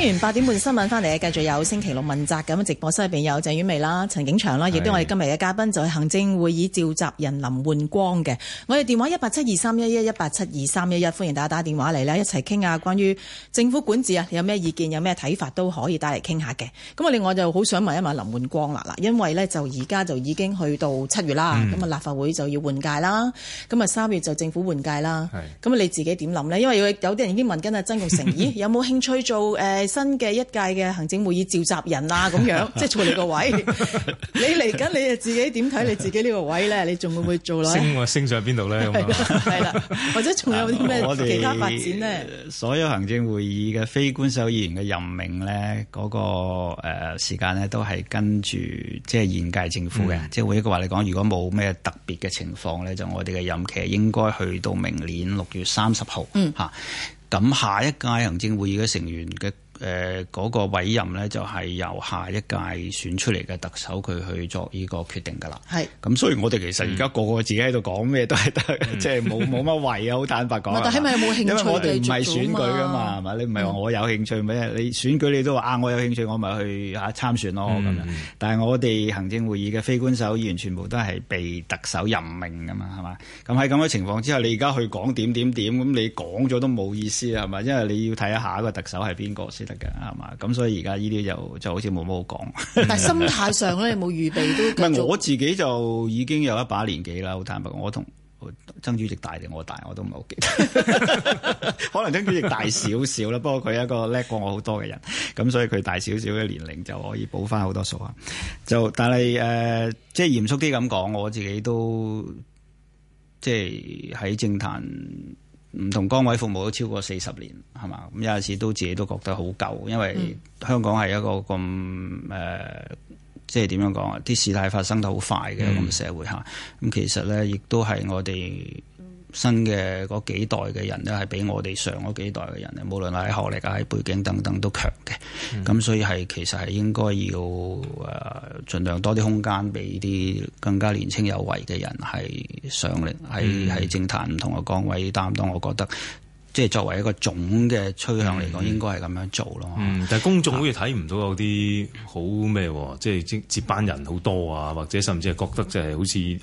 聽完八點半新聞翻嚟，繼續有星期六問責，咁直播室入邊有鄭婉薇啦、陳景祥啦，亦都我哋今日嘅嘉賓的就係行政會議召集人林煥光嘅。我哋電話一八七二三一一一八七二三一一，歡迎大家打電話嚟咧，一齊傾下關於政府管治啊，有咩意見、有咩睇法，都可以帶嚟傾下嘅。咁啊，另外就好想問一問林煥光啦，嗱，因為咧就而家就已經去到七月啦，咁啊、嗯、立法會就要換屆啦，咁啊三月就政府換屆啦，咁的你自己點諗呢？因為有啲人已經問緊阿曾鈺成，咦，有冇興趣做誒？呃新嘅一屆嘅行政會議召集人啊，咁樣 即係坐你個位。 你嚟緊，你啊自己點睇你自己，你自己呢個位咧？你仲會唔會做落？ 升我升上邊度咧？係 啦 ，或者仲有啲咩其他發展咧？啊、所有行政會議嘅非官守議員嘅任命咧，嗰、那個誒、呃、時間咧，都係跟住即係現屆政府嘅。嗯、即係換一個話嚟講，如果冇咩特別嘅情況咧，就我哋嘅任期應該去到明年六月三十號。嗯，吓咁下一屆行政會議嘅成員嘅。誒嗰、呃，那個委任呢，就係由下一屆選出嚟嘅特首佢去作呢個決定㗎啦。係是，咁所以我哋其實而家個個自己喺度講咩都係得，嗯、即係冇冇乜謂啊，好坦白講。唔係、嗯，吧但係係咪冇興趣？因為我哋唔係選舉㗎嘛，係嘛、嗯？你唔係話我有興趣咩？你選舉你都話啱、啊，我有興趣，我咪去嚇參選咯咁、嗯、樣。但係我哋行政會議嘅非官守議員全部都係被特首任命㗎嘛，係嘛？咁喺咁嘅情況之下，你而家去講點點點咁，你講咗都冇意思係咪？因為你要睇下一下個特首係邊個先。嘅，係嘛、嗯？咁所以而家呢啲就就好似冇乜好講。但係心態上咧，冇 預備都。唔係我自己就已經有一把年紀啦，好坦白講，我同曾主席大定我大？我都唔係好記得。可能曾主席大少少啦， 不過佢係一個叻過我好多嘅人，咁所以佢大少少嘅年齡就可以補翻好多數啊。就但係誒、呃，即係嚴肅啲咁講，我自己都即係喺政壇。唔同崗位服務都超過四十年，係嘛？咁有陣時都自己都覺得好舊，因為香港係一個咁誒、呃，即係點樣講啊？啲事態發生得好快嘅咁嘅社會嚇。咁、嗯、其實咧，亦都係我哋。新嘅嗰幾代嘅人呢，係比我哋上嗰幾代嘅人呢，無論喺學歷啊、喺背景等等都強嘅。咁、嗯、所以係其實係應該要誒，盡、呃、量多啲空間俾啲更加年輕有為嘅人係上嚟喺喺政壇唔同嘅崗位擔當。我覺得。即係作為一個總嘅趨向嚟講，嗯、應該係咁樣做咯、嗯。但係公眾好似睇唔到有啲好咩，啊、即係接接班人好多啊，或者甚至係覺得就係、是、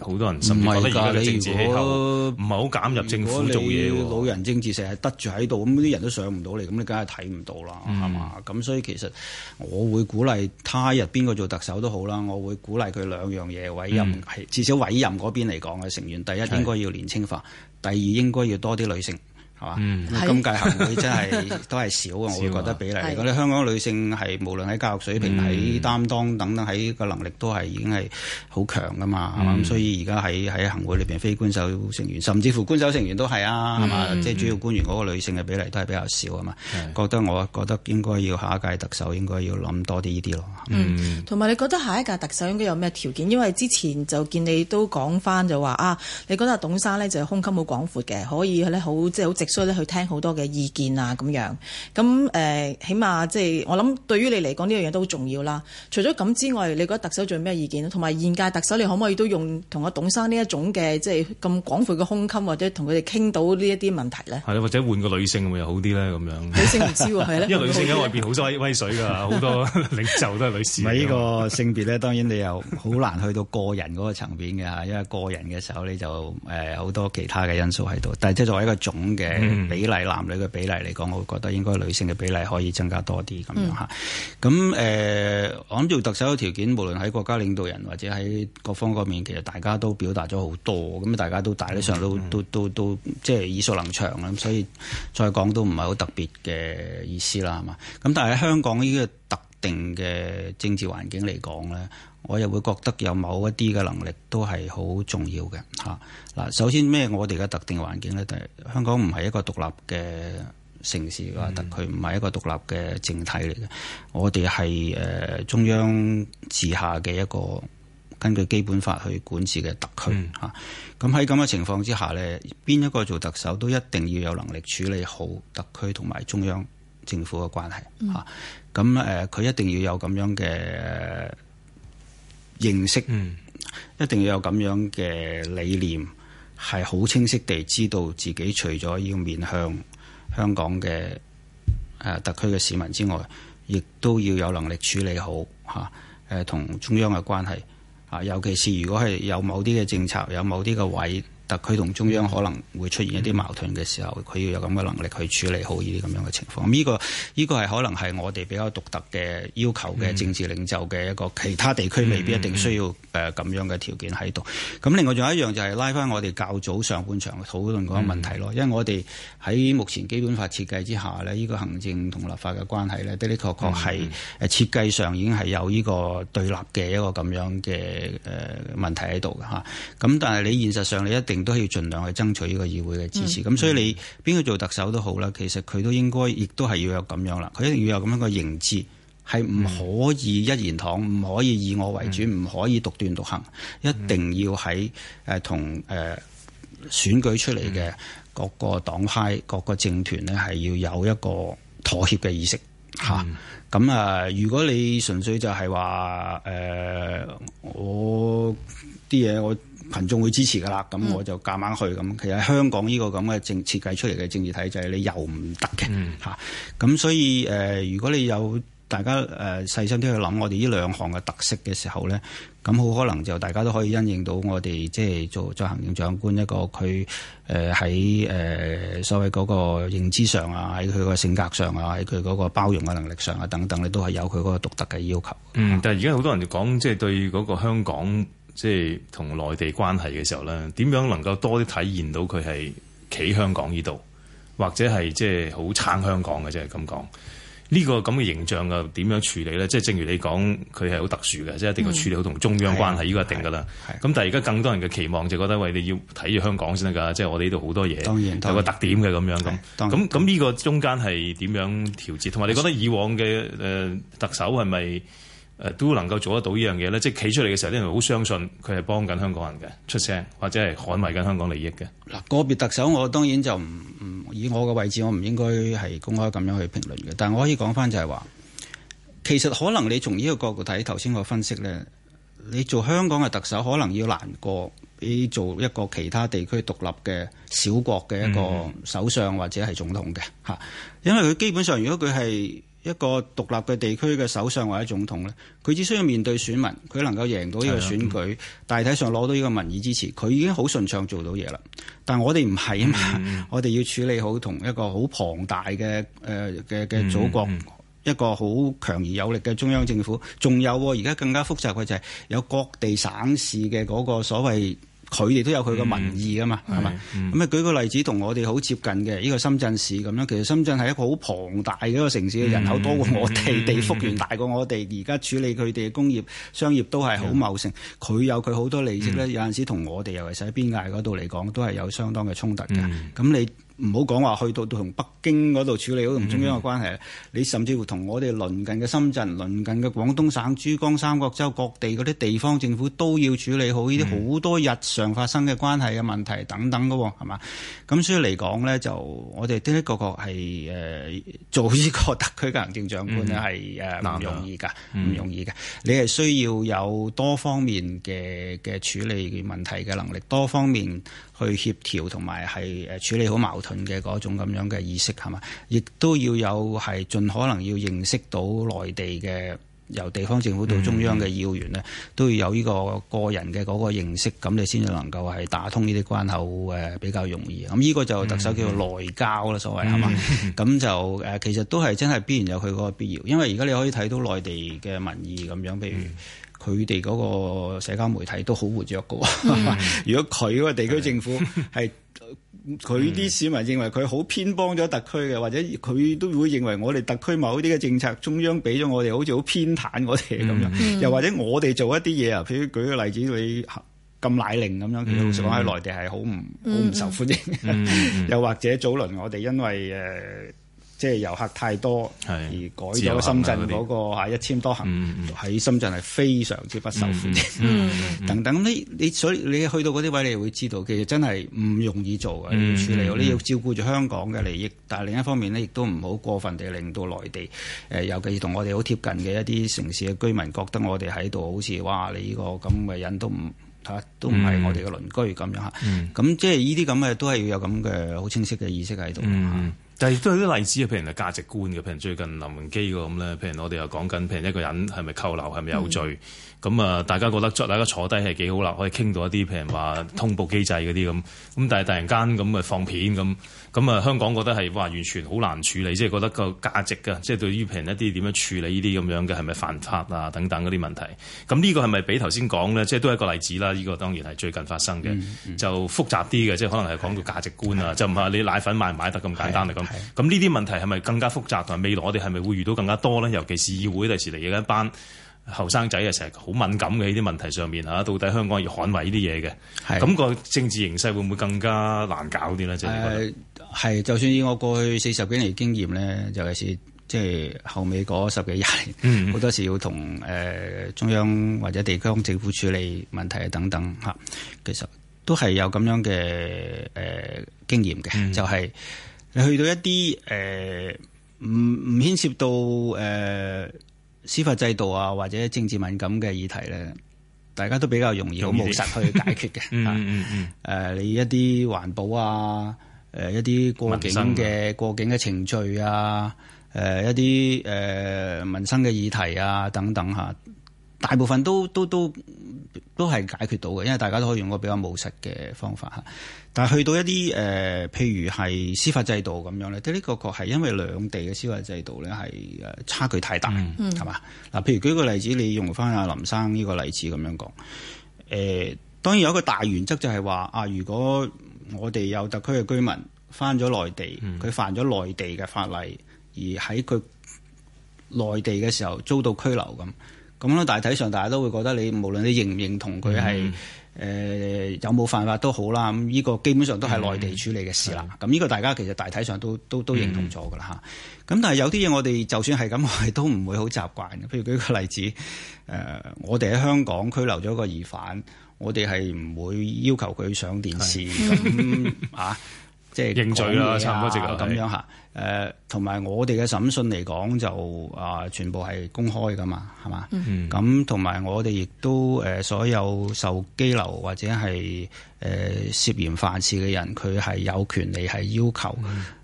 好似好多人，甚至覺得而家嘅政治氣候唔係好敢入政府做嘢。老人政治成日得住喺度，咁啲人都上唔到嚟，咁你梗係睇唔到啦，係嘛、啊？咁嗎所以其實我會鼓勵他日邊個做特首都好啦，我會鼓勵佢兩樣嘢委任、嗯、至少委任嗰邊嚟講嘅成員，第一應該要年青化，是第二應該要多啲女性。係嘛？咁、嗯、屆行會真係 都係少啊，我都覺得比例如果你香港女性係無論喺教育水平、喺、嗯、擔當等等，喺個能力都係已經係好強噶嘛，係嘛、嗯？咁所以而家喺喺行會裏邊非官守成員，甚至乎官守成員都係啊，係嘛、嗯？即係、就是、主要官員嗰個女性嘅比例都係比較少啊嘛。覺得、嗯、是我覺得應該要下一屆特首應該要諗多啲呢啲咯。同埋、嗯、你覺得下一屆特首應該有咩條件？因為之前就見你都講翻就話啊，你覺得董生呢就胸襟好廣闊嘅，可以好即係好直。所以咧，去聽好多嘅意見啊，咁樣咁誒、呃，起碼即係、就是、我諗，對於你嚟講呢樣嘢都好重要啦。除咗咁之外，你覺得特首仲有咩意見？同埋現屆特首，你可唔可以都用同阿董生呢一種嘅即係咁廣闊嘅胸襟，或者同佢哋傾到呢一啲問題咧？係或者換個女性會又好啲咧咁樣。女性唔知啊，係咧， 因為女性喺外邊好多威水㗎，好 多領袖都係女士。喺、呢個性別咧，當然你又好難去到個人嗰個層面嘅，因為個人嘅時候你就誒好、呃、多其他嘅因素喺度。但係即係作為一個總嘅。嗯、比例男女嘅比例嚟講，我會覺得應該女性嘅比例可以增加多啲咁樣吓。咁誒、嗯，按照、呃、特首嘅條件，無論喺國家領導人或者喺各方嗰面，其實大家都表達咗好多，咁大家都大體上都、嗯、都都都即係耳熟能詳啦。咁所以再講都唔係好特別嘅意思啦，係嘛？咁但係喺香港呢個特定嘅政治環境嚟講咧。我又會覺得有某一啲嘅能力都係好重要嘅嚇。嗱，首先咩？我哋嘅特定環境呢？就係、香港唔係一個獨立嘅城市話、嗯、特區，唔係一個獨立嘅政體嚟嘅。我哋係誒中央治下嘅一個，根據基本法去管治嘅特區嚇。咁喺咁嘅情況之下呢，邊一個做特首都一定要有能力處理好特區同埋中央政府嘅關係嚇。咁、啊、誒，佢、呃、一定要有咁樣嘅。呃認識，一定要有咁樣嘅理念，係好清晰地知道自己除咗要面向香港嘅誒、呃、特區嘅市民之外，亦都要有能力處理好嚇誒同中央嘅關係啊，尤其是如果係有某啲嘅政策，有某啲嘅位。特區同中央可能會出現一啲矛盾嘅時候，佢要有咁嘅能力去處理好呢啲咁樣嘅情況。咁依個依個係可能係我哋比較獨特嘅要求嘅政治領袖嘅一個，mm, 其他地區未必一定需要誒、呃、咁樣嘅條件喺度。咁、mm, 另外仲有一樣就係拉返我哋較早上半場討論嗰個問題咯，mm. 因為我哋喺目前基本法設計之下呢，依個行政同立法嘅關係呢，的的確確係誒設計上已經係有呢個對立嘅一個咁樣嘅誒問題喺度嘅嚇。咁但係你現實上你一定都係要盡量去爭取呢個議會嘅支持，咁、嗯、所以你邊個做特首都好啦，其實佢都應該亦都係要有咁樣啦，佢一定要有咁樣嘅認知，係唔可以一言堂，唔可以以我為主，唔、嗯、可以獨斷獨行，嗯、一定要喺誒同誒選舉出嚟嘅各個黨派、各個政團咧，係要有一個妥協嘅意識吓，咁啊，如果你純粹就係話誒我啲嘢我。群眾會支持噶啦，咁我就夾硬去咁。嗯、其實香港呢個咁嘅政設計出嚟嘅政治體制，你又唔得嘅嚇。咁、嗯啊、所以誒、呃，如果你有大家誒細心啲去諗我哋呢兩項嘅特色嘅時候咧，咁好可能就大家都可以因應到我哋即係做作行政長官一個佢誒喺誒所謂嗰個認知上啊，喺佢個性格上啊，喺佢嗰個包容嘅能力上啊等等，你都係有佢嗰個獨特嘅要求。啊、嗯，但係而家好多人講即係對嗰個香港。即係同內地關係嘅時候咧，點樣能夠多啲體現到佢係企香港呢度，或者係即係好撐香港嘅即啫咁講。呢、呢個咁嘅形象又點樣處理咧？即係正如你講，佢係好特殊嘅，即係一定要處理好同中央關係呢個、嗯、一定㗎啦。咁但係而家更多人嘅期望就覺得喂，你要睇住香港先得㗎，即係我哋呢度好多嘢當然，有個特點嘅咁樣咁。咁咁呢個中間係點樣調節？同埋你覺得以往嘅誒、呃、特首係咪？誒都能夠做得到依樣嘢呢，即係企出嚟嘅時候，啲人好相信佢係幫緊香港人嘅出聲，或者係捍衞緊香港利益嘅。嗱，個別特首我當然就唔唔以我嘅位置，我唔應該係公開咁樣去評論嘅。但係我可以講翻就係話，其實可能你從呢個角度睇，頭先我分析呢，你做香港嘅特首，可能要難過比做一個其他地區獨立嘅小國嘅一個首相或者係總統嘅吓，嗯、因為佢基本上如果佢係。一個獨立嘅地區嘅首相或者總統呢，佢只需要面對選民，佢能夠贏到呢個選舉，嗯、大體上攞到呢個民意支持，佢已經好順暢做到嘢啦。但係我哋唔係啊嘛，嗯、我哋要處理好同一個好龐大嘅誒嘅嘅祖國、嗯、一個好強而有力嘅中央政府，仲有啊、而家更加複雜嘅就係有各地省市嘅嗰個所謂。佢哋都有佢嘅民意啊嘛，係嘛？咁啊，舉個例子同我哋好接近嘅，呢個深圳市咁啦。其實深圳係一個好龐大嘅一個城市，嘅、嗯、人口多過我哋，嗯、地幅員大過我哋。而家、嗯、處理佢哋嘅工業、商業都係好茂盛。佢、嗯、有佢好多利益咧，嗯、有陣時同我哋，尤其是喺邊界嗰度嚟講，都係有相當嘅衝突嘅。咁你、嗯？嗯嗯唔好講話去到同北京度處理好同中央嘅關係，嗯、你甚至乎同我哋鄰近嘅深圳、鄰近嘅廣東省、珠江三角洲各地啲地方政府都要處理好呢啲好多日常發生嘅關係嘅問題等等嘅，係嘛？咁所以嚟講咧，就我哋的的確確係誒做呢個特區嘅行政長官咧係誒唔容易嘅，唔容易嘅，嗯、你係需要有多方面嘅嘅處理問題嘅能力，多方面去協調同埋係誒處理好矛盾。嘅嗰種咁樣嘅意識係嘛，亦都、 嗯、要有係盡可能要認識到內地嘅由地方政府到中央嘅要員咧，都要有呢個個人嘅嗰個認識，咁你先至能夠係打通呢啲關口誒比較容易。咁、嗯、呢、嗯嗯、個就特首叫做內交啦，嗯、所謂係嘛，咁、嗯、就誒其實都係真係必然有佢嗰個必要，因為而家你可以睇到內地嘅民意咁樣，譬如佢哋嗰個社交媒體都好活躍嘅。嗯、 如果佢嗰個地區政府係。佢啲市民認為佢好偏幫咗特區嘅，或者佢都會認為我哋特區某啲嘅政策，中央俾咗我哋，好似好偏袒我哋咁樣。嗯、又或者我哋做一啲嘢啊，譬如舉個例子，你限奶令咁樣，其實講喺內地係好唔好唔受歡迎。嗯嗯、 又或者早輪我哋因為誒，呃即係遊客太多，而改咗深圳嗰個啊一簽多行喺，啊、深圳係非常之不受歡迎，嗯、 等等呢？你所以你，你去到嗰啲位，你會知道其實真係唔容易做嘅，要處理，你要、嗯、要照顧住香港嘅利益，但係另一方面呢，亦都唔好過分地令到內地，誒，尤其是同我哋好貼近嘅一啲城市嘅居民覺得我哋喺度好似哇，你呢、呢個咁嘅人都唔嚇都唔係我哋嘅鄰居咁樣嚇，咁即係呢啲咁嘅都係要有咁嘅好清晰嘅意識喺度。但係都有啲例子啊，譬如係價值觀嘅，譬如最近林文基嗰咁咧，譬如我哋又講緊，譬如一個人係咪扣留，係咪有罪？嗯。咁啊，大家覺得大家坐低係幾好啦，可以傾到一啲譬如話通報機制嗰啲咁。咁但係突然間咁啊放片咁，咁啊香港覺得係哇完全好難處理，即係覺得個價值嘅，即係對於譬如一啲點樣處理呢啲咁樣嘅係咪犯法啊等等嗰啲問題。咁呢個係咪比頭先講咧？即係都係一個例子啦。呢個當然係最近發生嘅，嗯嗯、就複雜啲嘅，即係可能係講到價值觀啊，的就唔係話你奶粉買唔買得咁簡單嚟咁。咁呢啲問題係咪更加複雜？同埋未來我哋係咪會遇到更加多咧？尤其是議會第時嚟嘅一班。後生仔啊，成日好敏感嘅呢啲問題上面嚇，到底香港要捍衞呢啲嘢嘅，咁是個政治形勢會唔會更加難搞啲咧？即係覺得係，就算以我過去四十幾年經驗咧，尤其是即係後尾嗰十幾廿年，好、嗯、多時要同誒、呃、中央或者地方政府處理問題啊等等嚇，其實都係有咁樣嘅誒、呃、經驗嘅，嗯、就係、是、你去到一啲誒唔唔牽涉到誒。呃司法制度啊，或者政治敏感嘅議題咧，大家都比較容易好務實去解決嘅。啊，誒、 嗯嗯嗯呃，你一啲環保啊，誒、呃，一啲過境嘅過境嘅程序啊，誒、呃，一啲誒、呃、民生嘅議題啊，等等嚇，啊，大部分都都都。都都係解決到嘅，因為大家都可以用個比較務實嘅方法嚇。但係去到一啲誒、呃，譬如係司法制度咁樣咧，呢、這、啲的的確確係因為兩地嘅司法制度咧係誒差距太大，係嘛、嗯？嗱，譬如舉個例子，嗯、你用翻阿林生呢個例子咁樣講，誒、呃、當然有一個大原則就係話啊，如果我哋有特區嘅居民翻咗內地，佢犯咗內地嘅法例，而喺佢內地嘅時候遭到拘留咁。咁咯，大體上大家都會覺得你無論你認唔認同佢係誒有冇犯法都好啦，咁、這、呢個基本上都係內地處理嘅事啦。咁呢、嗯、個大家其實大體上都都都認同咗噶啦嚇。咁、嗯、但係有啲嘢我哋就算係咁我哋都唔會好習慣。譬如舉個例子，誒、呃、我哋喺香港拘留咗個疑犯，我哋係唔會要求佢上電視咁啊。即係認罪啦，差唔多即係咁樣吓，誒，同埋我哋嘅審訊嚟講，就啊，全部係公開噶嘛，係嘛？咁同埋我哋亦都誒，所有受羈留或者係誒涉嫌犯事嘅人，佢係有權利係要求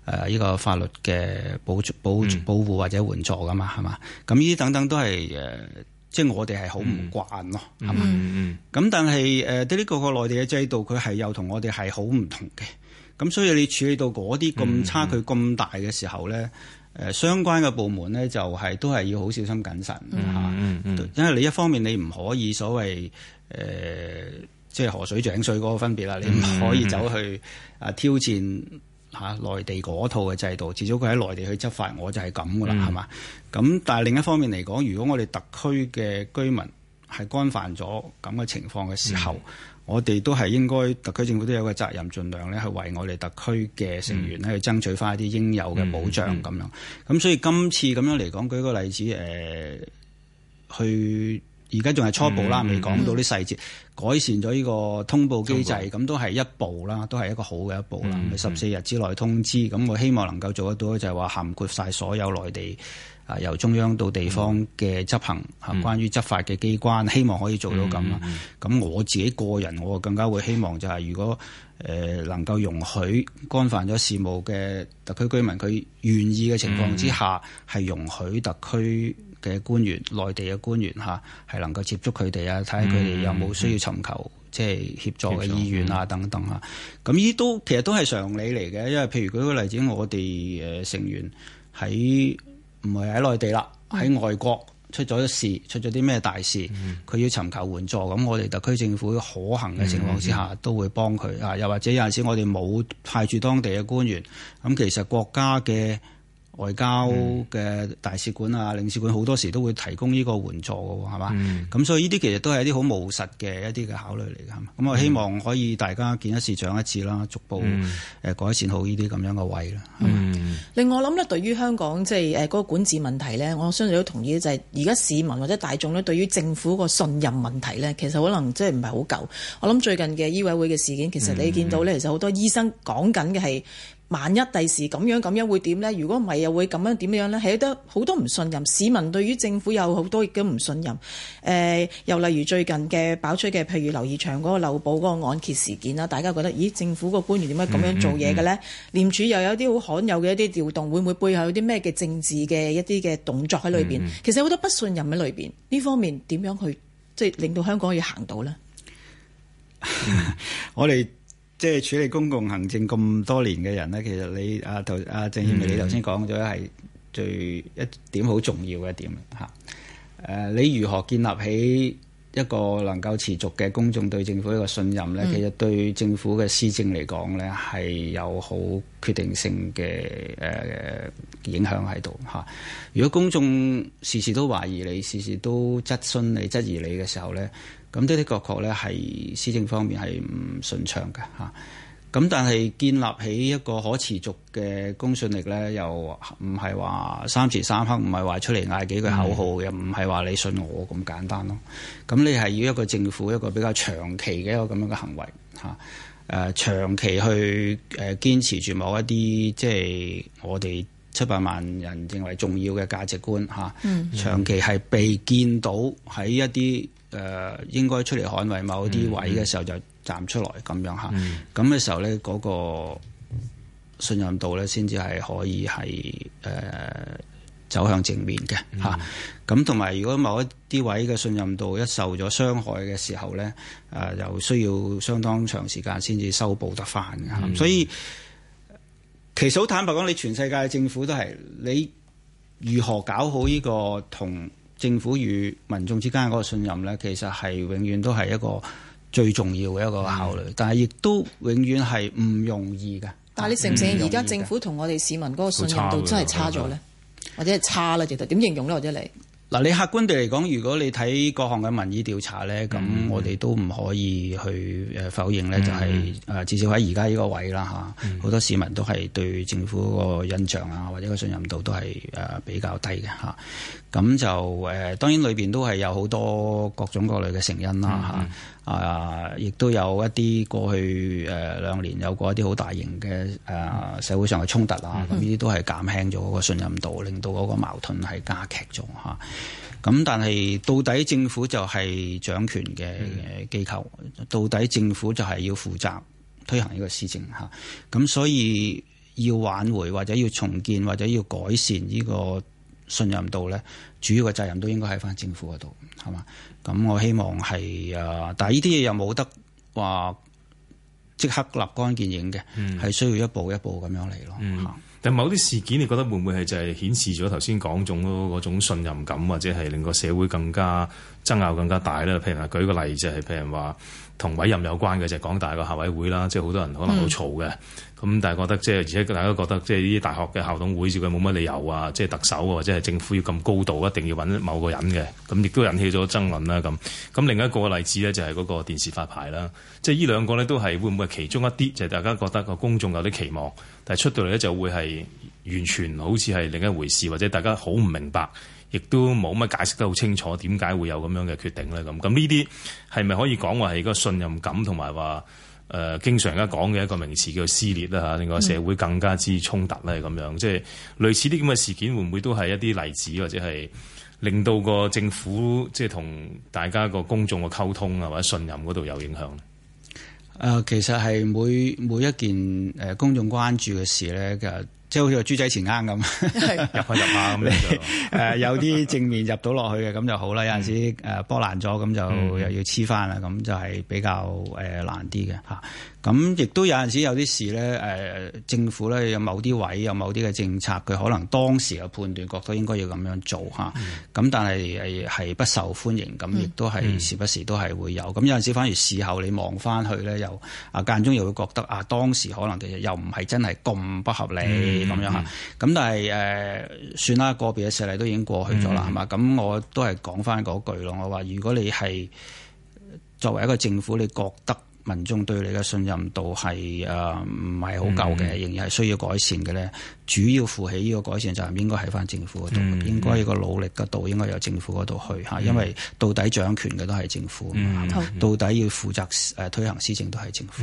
誒呢個法律嘅保保保護或者援助噶嘛，係嘛？咁呢啲等等都係誒，即係我哋係好唔慣咯，係嘛？咁但係誒，呢個個內地嘅制度，佢係又同我哋係好唔同嘅。咁所以你處理到嗰啲咁差距咁大嘅時候呢，誒、嗯、相關嘅部門呢、就是，就係都係要好小心謹慎嚇，嗯嗯嗯、因為你一方面你唔可以所謂誒即係河水井水嗰個分別啦，你唔可以走去啊挑戰嚇、啊、內地嗰套嘅制度，至少佢喺內地去執法，我就係咁噶啦，係嘛、嗯？咁但係另一方面嚟講，如果我哋特區嘅居民係干犯咗咁嘅情況嘅時候，嗯我哋都係應該，特區政府都有個責任，盡量咧去為我哋特區嘅成員咧、嗯、去爭取翻一啲應有嘅保障咁、嗯嗯、樣。咁所以今次咁樣嚟講，舉個例子，誒、呃，去而家仲係初步啦，嗯嗯、未講到啲細節，嗯、改善咗呢個通報機制，咁過都係一步啦，都係一個好嘅一步啦。十四、嗯嗯嗯、日之內通知，咁我希望能夠做得到，就係話涵括晒所有內地。啊，由中央到地方嘅執行啊，mm. 關於執法嘅機關，希望可以做到咁啦。咁、mm hmm. 我自己個人，我更加會希望就係、是、如果誒、呃、能夠容許干犯咗事務嘅特區居民，佢願意嘅情況之下，係、mm hmm. 容許特區嘅官員、內地嘅官員嚇，係能夠接觸佢哋啊，睇下佢哋有冇需要尋求、mm hmm. 即係協助嘅意願啊，等等啊。咁依呢都其實都係常理嚟嘅，因為譬如舉個例子，我哋誒成員喺。Mm mm 唔係喺內地啦，喺外國出咗事，出咗啲咩大事，佢要尋求援助，咁我哋特區政府可行嘅情況之下，都會幫佢啊！又或者有陣時我哋冇派駐當地嘅官員，咁其實國家嘅。外交嘅大使館啊、領事館好多時都會提供呢個援助嘅，係嘛？咁、嗯、所以呢啲其實都係一啲好務實嘅一啲嘅考慮嚟嘅。咁、嗯、我希望可以大家見一次長一次啦，逐步誒改善好呢啲咁樣嘅位啦。嗯。另外諗咧，我對於香港即係誒嗰個管治問題咧，我相信都同意就係而家市民或者大眾咧對於政府個信任問題咧，其實可能真係唔係好夠。我諗最近嘅醫委會嘅事件，其實你見到咧，嗯嗯、其實好多醫生講緊嘅係。萬一第時咁樣咁樣會點呢？如果唔係又會咁樣點樣呢？起得好多唔信任，市民對於政府有好多亦都唔信任。誒、呃，又例如最近嘅爆出嘅，譬如劉以翔嗰個漏保嗰個按揭事件啦，大家覺得咦，政府個官員點解咁樣做嘢嘅呢？廉、mm hmm. 署又有啲好罕有嘅一啲調動，會唔會背後有啲咩嘅政治嘅一啲嘅動作喺裏邊？Mm hmm. 其實好多不信任喺裏邊，呢方面點樣去即係、就是、令到香港要行到呢？ 我哋。即係處理公共行政咁多年嘅人咧，其實你阿頭阿鄭議員，你頭先講咗係最一點好重要嘅一點啦吓。誒、啊，你如何建立起一個能夠持續嘅公眾對政府一個信任咧？其實對政府嘅施政嚟講咧，係有好決定性嘅誒、呃、影響喺度吓。如果公眾時時都懷疑你、時時都質詢你、質疑你嘅時候咧。咁的的確確咧，係施政方面係唔順暢嘅嚇。咁、啊、但係建立起一個可持續嘅公信力咧，又唔係話三時三刻，唔係話出嚟嗌幾句口號，mm hmm. 又唔係話你信我咁簡單咯。咁、啊、你係要一個政府一個比較長期嘅一個咁樣嘅行為嚇。誒、啊啊、長期去誒堅持住某一啲即係我哋七百萬人認為重要嘅價值觀嚇，啊 mm hmm. 長期係被見到喺一啲。誒、呃，應該出嚟捍衛某啲位嘅時候就站出來咁樣吓，咁嘅、嗯、時候呢嗰、那個信任度呢，先至係可以係誒、呃、走向正面嘅吓。咁同埋，如果某一啲位嘅信任度一受咗傷害嘅時候呢，誒、呃、又需要相當長時間先至修補得翻嘅嗯、所以，其實好坦白講，你全世界政府都係你如何搞好呢個同、嗯。政府與民眾之間嗰個信任咧，其實係永遠都係一個最重要嘅一個考慮，嗯、但係亦都永遠係唔容易嘅。但係你承唔承認而家政府同我哋市民嗰個信任度真係差咗咧，嗯、或者係差啦，其實點形容咧，或者你？嗱，你客觀地嚟講，如果你睇各項嘅民意調查咧，咁、嗯、我哋都唔可以去誒否認咧、就係，就係誒至少喺而家呢個位啦嚇，好、嗯、多市民都係對政府個印象啊或者個信任度都係誒比較低嘅嚇，咁就誒、呃、當然裏邊都係有好多各種各類嘅成因啦嚇。嗯嗯啊！亦都有一啲過去誒兩、呃、年有過一啲好大型嘅誒、呃、社會上嘅衝突啊，咁呢啲都係減輕咗個信任度，令到嗰個矛盾係加劇咗嚇。咁、啊、但係到底政府就係掌權嘅機構，嗯、到底政府就係要負責推行呢個施政嚇。咁、啊啊、所以要挽回或者要重建或者要改善呢個信任度呢，主要嘅責任都應該喺翻政府嗰度，係嘛？咁我希望係啊，但係呢啲嘢又冇得話即刻立竿見影嘅，係、嗯、需要一步一步咁樣嚟咯。嗯、是但某啲事件，你覺得會唔會係就係顯示咗頭先講種嗰種信任感，或者係令個社會更加爭拗、更加大咧？譬、嗯、如話舉個例子，就係譬如話同委任有關嘅，就係、港大個校委會啦，即係好多人可能好嘈嘅。咁但係覺得即係，而且大家覺得即係呢啲大學嘅校董會，佢冇乜理由啊！即係特首啊，或者係政府要咁高度，一定要揾某個人嘅。咁亦都引起咗爭論啦。咁咁另一個例子咧，就係嗰個電視發牌啦。即係呢兩個咧，都係會唔會其中一啲，就係大家覺得個公眾有啲期望，但係出到嚟咧就會係完全好似係另一回事，或者大家好唔明白，亦都冇乜解釋得好清楚點解會有咁樣嘅決定咧？咁咁呢啲係咪可以講話係個信任感同埋話？誒、呃、經常而家講嘅一個名詞叫撕裂啦嚇，令個社會更加之衝突咧咁樣，即係類似啲咁嘅事件，會唔會都係一啲例子，或者係令到個政府即係同大家個公眾個溝通啊或者信任嗰度有影響咧？誒、呃，其實係每每一件誒、呃、公眾關注嘅事咧，其即係好似個豬仔錢罌咁，入下入下咁咧，誒 有啲正面入到落去嘅咁就好啦。有陣時誒波爛咗，咁就又要黐翻啦。咁就係比較誒難啲嘅嚇。咁亦都有陣時有啲事咧，誒、呃，政府咧有某啲位有某啲嘅政策，佢可能當時嘅判斷覺得應該要咁樣做吓，咁、嗯、但係係不受歡迎，咁亦都係時不時都係會有。咁、嗯嗯、有陣時反而事後你望翻去咧，又啊間中又會覺得啊當時可能其實又唔係真係咁不合理咁、嗯嗯、樣吓，咁但係誒、呃、算啦，個別嘅事例都已經過去咗啦，係嘛？咁我都係講翻嗰句咯，我話如果你係作為一個政府，你覺得，民眾對你嘅信任度係誒唔係好夠嘅，仍然係需要改善嘅咧。主要負起呢個改善就應該喺翻政府嗰度，應該個努力嘅度應該由政府嗰度去嚇。因為到底掌權嘅都係政府，到底要負責誒推行施政都係政府。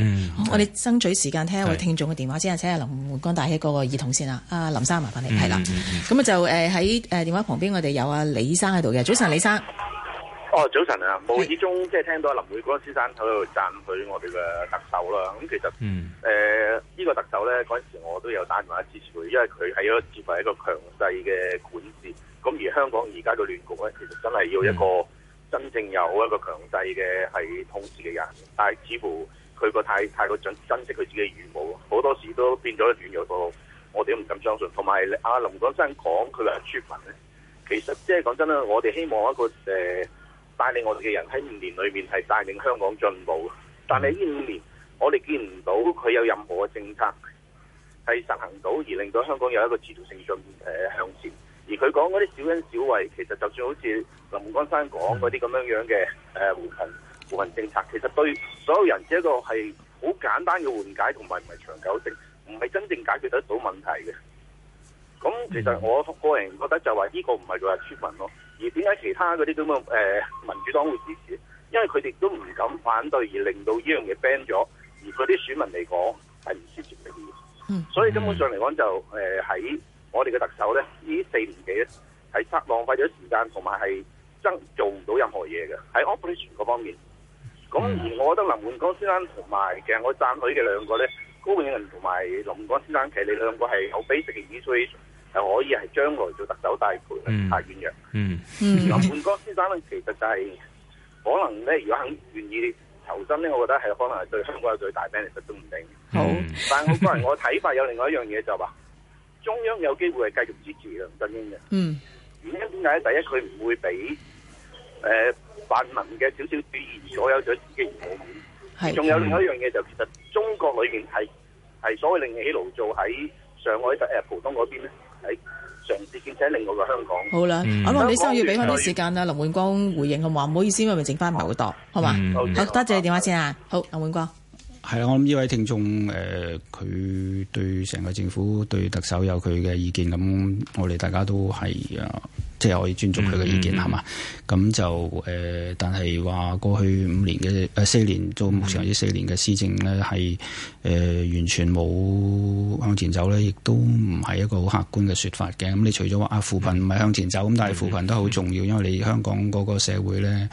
我哋爭取時間聽下位聽眾嘅電話先啊，請阿林煥光戴起個個耳筒先啊，阿林生麻煩你係啦。咁啊就誒喺誒電話旁邊，我哋有阿李生喺度嘅，早晨李生。哦，早晨啊！無意 中即係聽到林煥光先生喺度讚佢我哋嘅特首啦。咁、嗯、其實誒，依、嗯呃這個特首咧嗰陣時，我都有打電話支持佢，因為佢係一個接維一個強勢嘅管治。咁而香港而家嘅亂局咧，其實真係要一個真正有一個強勢嘅係統治嘅人。但係似乎佢個太太過想珍惜佢自己嘅羽毛，好多時都變咗軟弱過度。我哋都唔敢相信。同埋阿林講真講，佢梁柱文咧，其實即係講真啦，我哋希望一個誒。呃帶領我哋嘅人喺五年裏面係帶領香港進步，但係呢五年我哋見唔到佢有任何嘅政策係實行到，而令到香港有一個持續性進誒、呃、向前。而佢講嗰啲小恩小惠，其實就算好似林江山講嗰啲咁樣樣嘅誒扶貧扶貧政策，其實對所有人只有一個係好簡單嘅緩解，同埋唔係長久性，唔係真正解決得得到問題嘅。咁其實我個人覺得就話呢個唔係佢係村民咯。而點解其他嗰啲咁嘅誒民主黨會支持？因為佢哋都唔敢反對，而令到依樣嘢 ban 咗。而嗰啲選民嚟講係唔支持你嘅。嗯，所以根本上嚟講就誒喺、呃、我哋嘅特首咧，呢四年幾咧，喺差浪費咗時間，同埋係真做唔到任何嘢嘅。喺 operation 嗰方面，咁而我覺得林煥光先生同埋嘅我讚許嘅兩個咧，高永仁同埋林煥光先生，其實你兩個係好 basic 嘅又可以係將來做特首大盤啊，太軟弱。嗯嗯，咁煥、嗯、哥先生咧，其實就係、是、可能咧，如果肯願意投身咧，我覺得係可能係對香港有最大 benefit 都唔定。好、嗯，但係好多人我睇法有另外一樣嘢就話、是，中央有機會係繼續支持梁振英嘅。嗯，原因點解？第一佢唔會俾誒、呃、泛民嘅少少主義所有咗自己嘅利益。仲有另外一樣嘢就是、其實中國裏邊係係所謂另起爐灶喺上海誒、呃、浦東嗰邊咧。喺上次，即使另外個香港好啦，咁、嗯、我哋稍後要俾翻啲時間啦。林煥光回應我話唔好意思，因為整翻唔係好多，好嘛？嗯、好，多謝你電話先啊。好，林煥光，係啦，我諗呢位聽眾誒，佢、呃、對成個政府對特首有佢嘅意見咁，我哋大家都係。呃即係我要尊重佢嘅意見，係嘛？咁就誒，但係話過去五年嘅誒四年，到目前呢四年嘅施政咧，係、呃、誒完全冇向前走咧，亦都唔係一個好客觀嘅説法嘅。咁你除咗話啊，扶貧唔係向前走，咁、啊、但係扶貧都好重要，嗯嗯嗯嗯、因為你香港嗰個社會咧，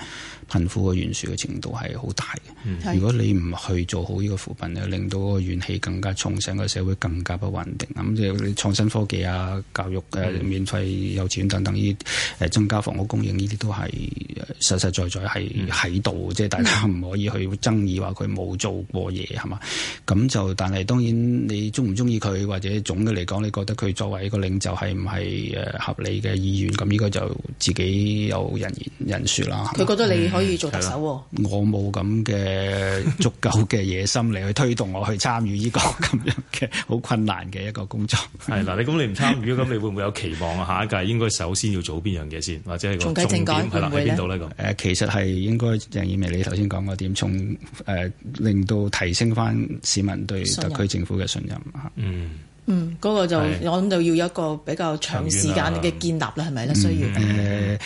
貧富嘅懸殊嘅程度係好大嘅。嗯、如果你唔去做好呢個扶貧，咧，令到個怨氣更加重，成個社會更加不穩定。咁、嗯、即係創新科技啊、教育嘅免費、幼稚園等等呢啲。誒，增加房屋供應呢啲都係實實在在係喺度，即係、嗯、大家唔可以去爭議話佢冇做過嘢係嘛？咁就但係當然你中唔中意佢或者總嘅嚟講，你覺得佢作為一個領袖係唔係誒合理嘅意願，咁依個就自己有人言人殊啦。佢覺得你可以做特首、嗯、我冇咁嘅足夠嘅野心嚟去推動我去參與呢個咁樣嘅好困難嘅一個工作。係嗱， 你咁你唔參與咁，你會唔會有期望啊？下一屆應該首先要？做邊樣嘢先，或者係個重點係啦，喺邊度咧咁？誒，其實係應該鄭婉薇你頭先講個點，從、呃、令到提升翻市民對特區政府嘅信任嚇。嗯嗯，嗰、嗯那個就是我諗就要有一個比較長時間嘅建立啦，係咪咧？需要誒，咁、嗯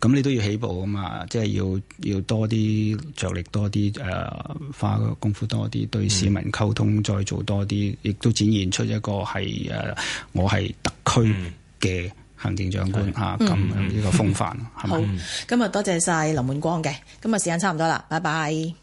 呃、你都要起步啊嘛，即係要要多啲着力多啲誒、呃，花個功夫多啲，對市民溝通再做多啲，亦都展現出一個係誒，我係特區嘅。嗯行政長官啊，咁樣呢個風範，係咪、嗯？好吧、嗯，今日多謝晒林煥光嘅，今日時間差唔多啦，拜拜。